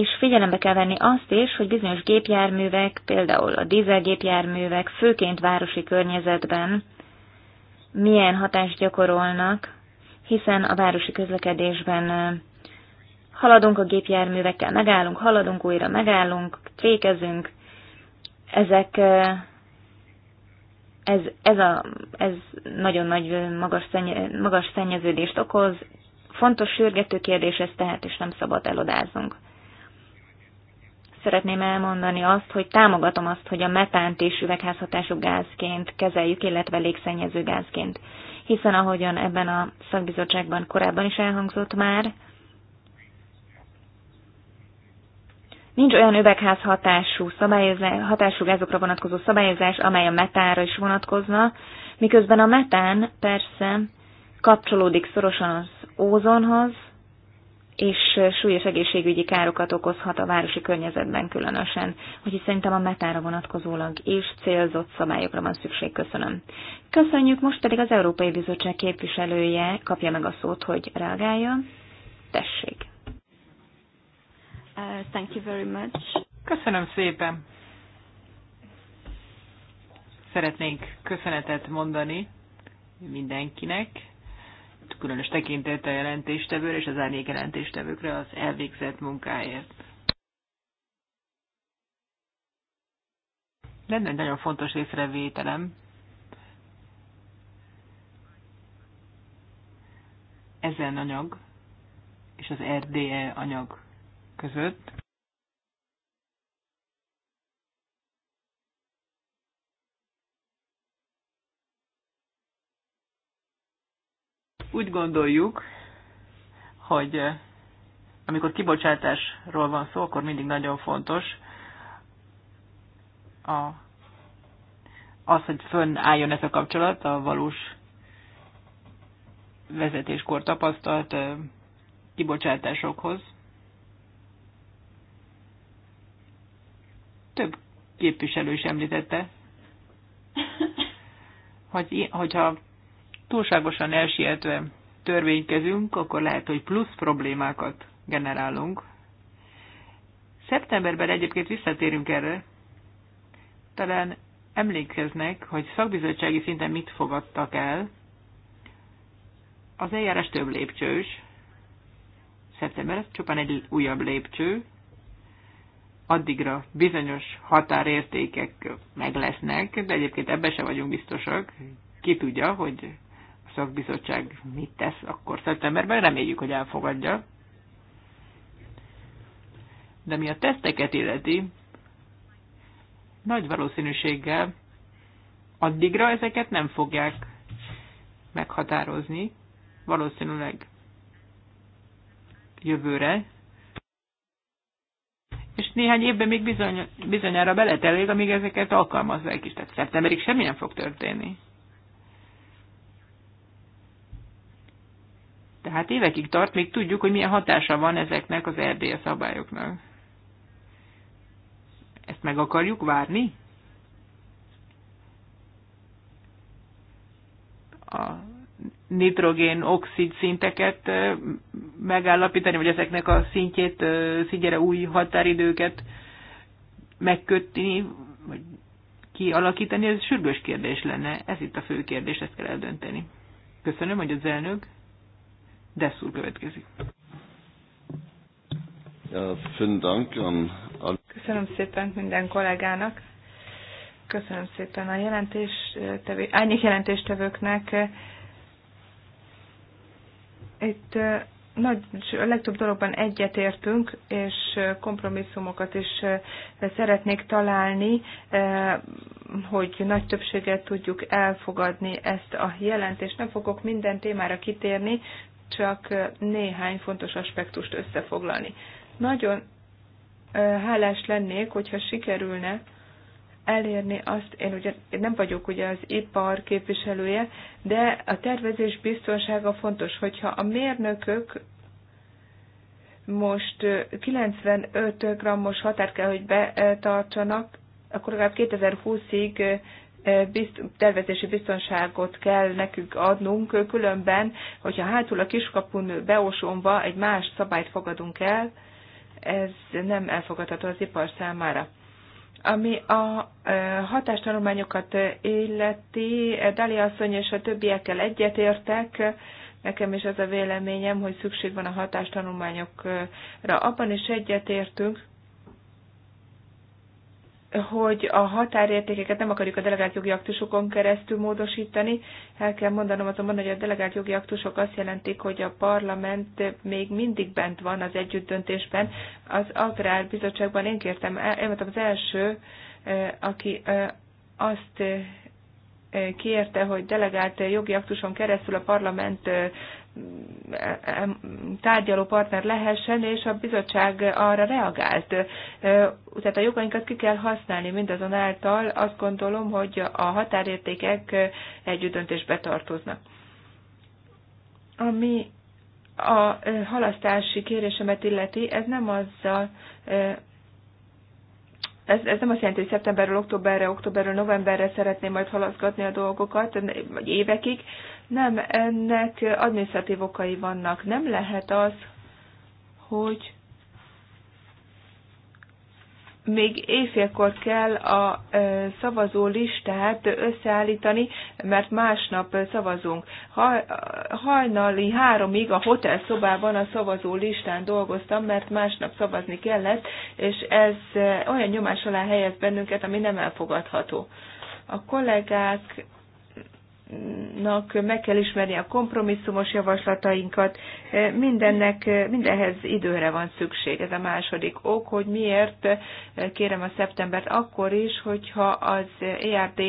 és figyelembe kell venni azt is, hogy bizonyos gépjárművek, például a dízelgépjárművek, főként városi környezetben milyen hatást gyakorolnak, hiszen a városi közlekedésben haladunk a gépjárművekkel, megállunk, haladunk, újra megállunk, fékezünk. Ezek, ez, ez, a, ez nagyon nagy magas, szenny, magas szennyeződést okoz. Fontos sürgető kérdés ez tehát, és nem szabad elodázunk szeretném elmondani azt, hogy támogatom azt, hogy a metánt is üvegházhatású gázként kezeljük, illetve légszennyező gázként. Hiszen ahogyan ebben a szakbizottságban korábban is elhangzott már, Nincs olyan üvegházhatású hatású gázokra vonatkozó szabályozás, amely a metánra is vonatkozna, miközben a metán persze kapcsolódik szorosan az ózonhoz, és súlyos egészségügyi károkat okozhat a városi környezetben különösen. Úgyhogy szerintem a metára vonatkozólag és célzott szabályokra van szükség. Köszönöm. Köszönjük, most pedig az Európai Bizottság képviselője kapja meg a szót, hogy reagáljon. Tessék. Uh, thank you very much. Köszönöm szépen. Szeretnénk köszönetet mondani mindenkinek, különös tekintettel jelentéstevőre és az árnyék jelentéstevőkre az elvégzett munkáért. Lenne egy nagyon fontos észrevételem. Ezen anyag és az RDE anyag között Úgy gondoljuk, hogy eh, amikor kibocsátásról van szó, akkor mindig nagyon fontos a, az, hogy álljon ez a kapcsolat a valós vezetéskor tapasztalt eh, kibocsátásokhoz. Több képviselő is említette, hogy, hogyha túlságosan elsietve törvénykezünk, akkor lehet, hogy plusz problémákat generálunk. Szeptemberben egyébként visszatérünk erre. Talán emlékeznek, hogy szakbizottsági szinten mit fogadtak el. Az eljárás több lépcsős. Szeptember csupán egy újabb lépcső. Addigra bizonyos határértékek meg lesznek, de egyébként ebbe se vagyunk biztosak. Ki tudja, hogy szakbizottság mit tesz akkor szeptemberben, reméljük, hogy elfogadja. De mi a teszteket illeti, nagy valószínűséggel addigra ezeket nem fogják meghatározni, valószínűleg jövőre, és néhány évben még bizony, bizonyára beletelég, amíg ezeket alkalmazzák is. Tehát szeptemberig semmi nem fog történni. Tehát évekig tart, még tudjuk, hogy milyen hatása van ezeknek az erdélye szabályoknak. Ezt meg akarjuk várni? A nitrogén oxid szinteket megállapítani, vagy ezeknek a szintjét, szintjére új határidőket megkötni, vagy kialakítani, ez sürgős kérdés lenne. Ez itt a fő kérdés, ezt kell eldönteni. Köszönöm, hogy az elnök. Deszúr következik. Köszönöm szépen minden kollégának. Köszönöm szépen a jelentéstevő, eh, árnyék jelentéstevőknek. Itt eh, nagy, a legtöbb dologban egyetértünk, és eh, kompromisszumokat is szeretnék találni, hogy nagy többséget tudjuk elfogadni ezt a jelentést. Nem fogok minden témára kitérni, csak néhány fontos aspektust összefoglalni. Nagyon hálás lennék, hogyha sikerülne elérni azt, én ugye én nem vagyok ugye az ipar képviselője, de a tervezés biztonsága fontos, hogyha a mérnökök most 95 grammos határt kell, hogy betartsanak, akkor legalább 2020-ig tervezési biztonságot kell nekünk adnunk, különben, hogyha hátul a kiskapun beosonva egy más szabályt fogadunk el, ez nem elfogadható az ipar számára. Ami a hatástanulmányokat illeti, Dali asszony és a többiekkel egyetértek, nekem is az a véleményem, hogy szükség van a hatástanulmányokra. Abban is egyetértünk, hogy a határértékeket nem akarjuk a delegált jogi aktusokon keresztül módosítani. El kell mondanom azonban, hogy a delegált jogi aktusok azt jelentik, hogy a parlament még mindig bent van az együttdöntésben. Az Agrárbizottságban én kértem, én voltam az első, eh, aki eh, azt eh, kérte, hogy delegált jogi aktuson keresztül a parlament tárgyaló partner lehessen, és a bizottság arra reagált. Tehát a jogainkat ki kell használni mindazonáltal. Azt gondolom, hogy a határértékek döntésbe tartoznak. Ami a halasztási kérésemet illeti, ez nem azzal ez, ez nem azt jelenti, hogy szeptemberről, októberre, októberről, novemberre szeretném majd halaszgatni a dolgokat, vagy évekig, nem, ennek adminisztratív okai vannak. Nem lehet az, hogy még éjfélkor kell a szavazó listát összeállítani, mert másnap szavazunk. Hajnali háromig a hotel szobában a szavazó listán dolgoztam, mert másnap szavazni kellett, és ez olyan nyomás alá helyez bennünket, ami nem elfogadható. A kollégák nak meg kell ismerni a kompromisszumos javaslatainkat, mindennek, mindenhez időre van szükség. Ez a második ok, hogy miért kérem a szeptembert akkor is, hogyha az ERD,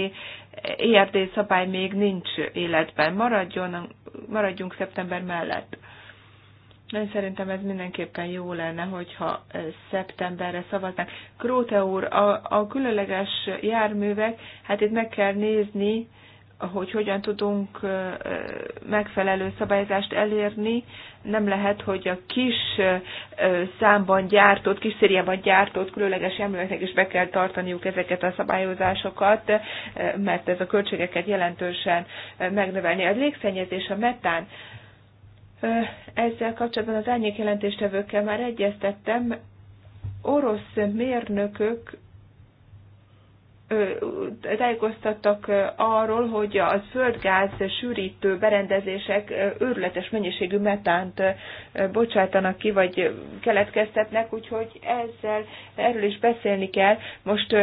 ERD szabály még nincs életben. Maradjon, maradjunk szeptember mellett. Én szerintem ez mindenképpen jó lenne, hogyha szeptemberre szavaznánk. Króte úr, a, a különleges járművek, hát itt meg kell nézni, hogy hogyan tudunk megfelelő szabályzást elérni. Nem lehet, hogy a kis számban gyártott, kis szériában gyártott különleges járműveknek is be kell tartaniuk ezeket a szabályozásokat, mert ez a költségeket jelentősen megnövelni. A légszennyezés, a metán, ezzel kapcsolatban az árnyék jelentéstevőkkel már egyeztettem, orosz mérnökök tájékoztattak arról, hogy a földgáz sűrítő berendezések őrületes mennyiségű metánt bocsátanak ki, vagy keletkeztetnek, úgyhogy ezzel erről is beszélni kell. Most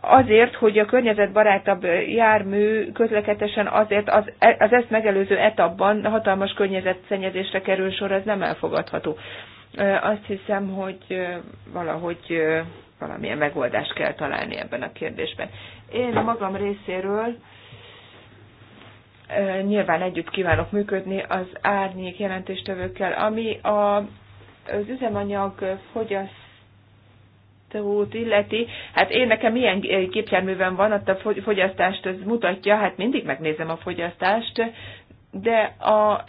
azért, hogy a környezetbarátabb jármű közlekedesen azért az, e, az ezt megelőző etapban hatalmas környezetszennyezésre kerül sor, ez nem elfogadható. Azt hiszem, hogy valahogy valamilyen megoldást kell találni ebben a kérdésben. Én a magam részéről nyilván együtt kívánok működni az árnyék jelentéstevőkkel, ami a, az üzemanyag fogyaszt út illeti, hát én nekem milyen képjárművem van, ott a fogyasztást ez mutatja, hát mindig megnézem a fogyasztást, de a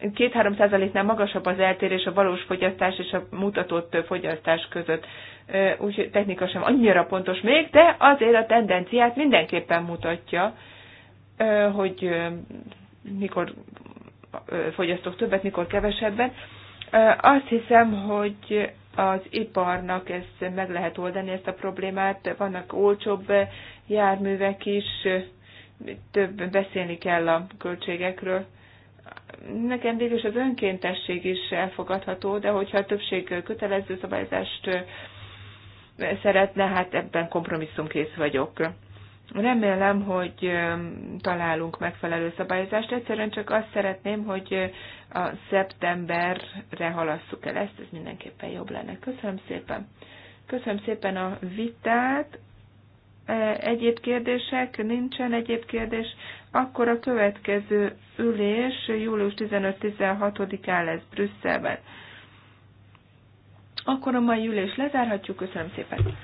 2-3 százaléknál magasabb az eltérés a valós fogyasztás és a mutatott fogyasztás között. Úgyhogy technika sem annyira pontos még, de azért a tendenciát mindenképpen mutatja, hogy mikor fogyasztok többet, mikor kevesebben. Azt hiszem, hogy az iparnak ezt meg lehet oldani, ezt a problémát. Vannak olcsóbb járművek is, több beszélni kell a költségekről nekem végül az önkéntesség is elfogadható, de hogyha a többség kötelező szabályzást szeretne, hát ebben kompromisszumkész vagyok. Remélem, hogy találunk megfelelő szabályozást. Egyszerűen csak azt szeretném, hogy a szeptemberre halasszuk el ezt, ez mindenképpen jobb lenne. Köszönöm szépen. Köszönöm szépen a vitát. E, egyéb kérdések? Nincsen egyéb kérdés. Akkor a következő ülés július 15-16-án lesz Brüsszelben. Akkor a mai ülés lezárhatjuk. Köszönöm szépen!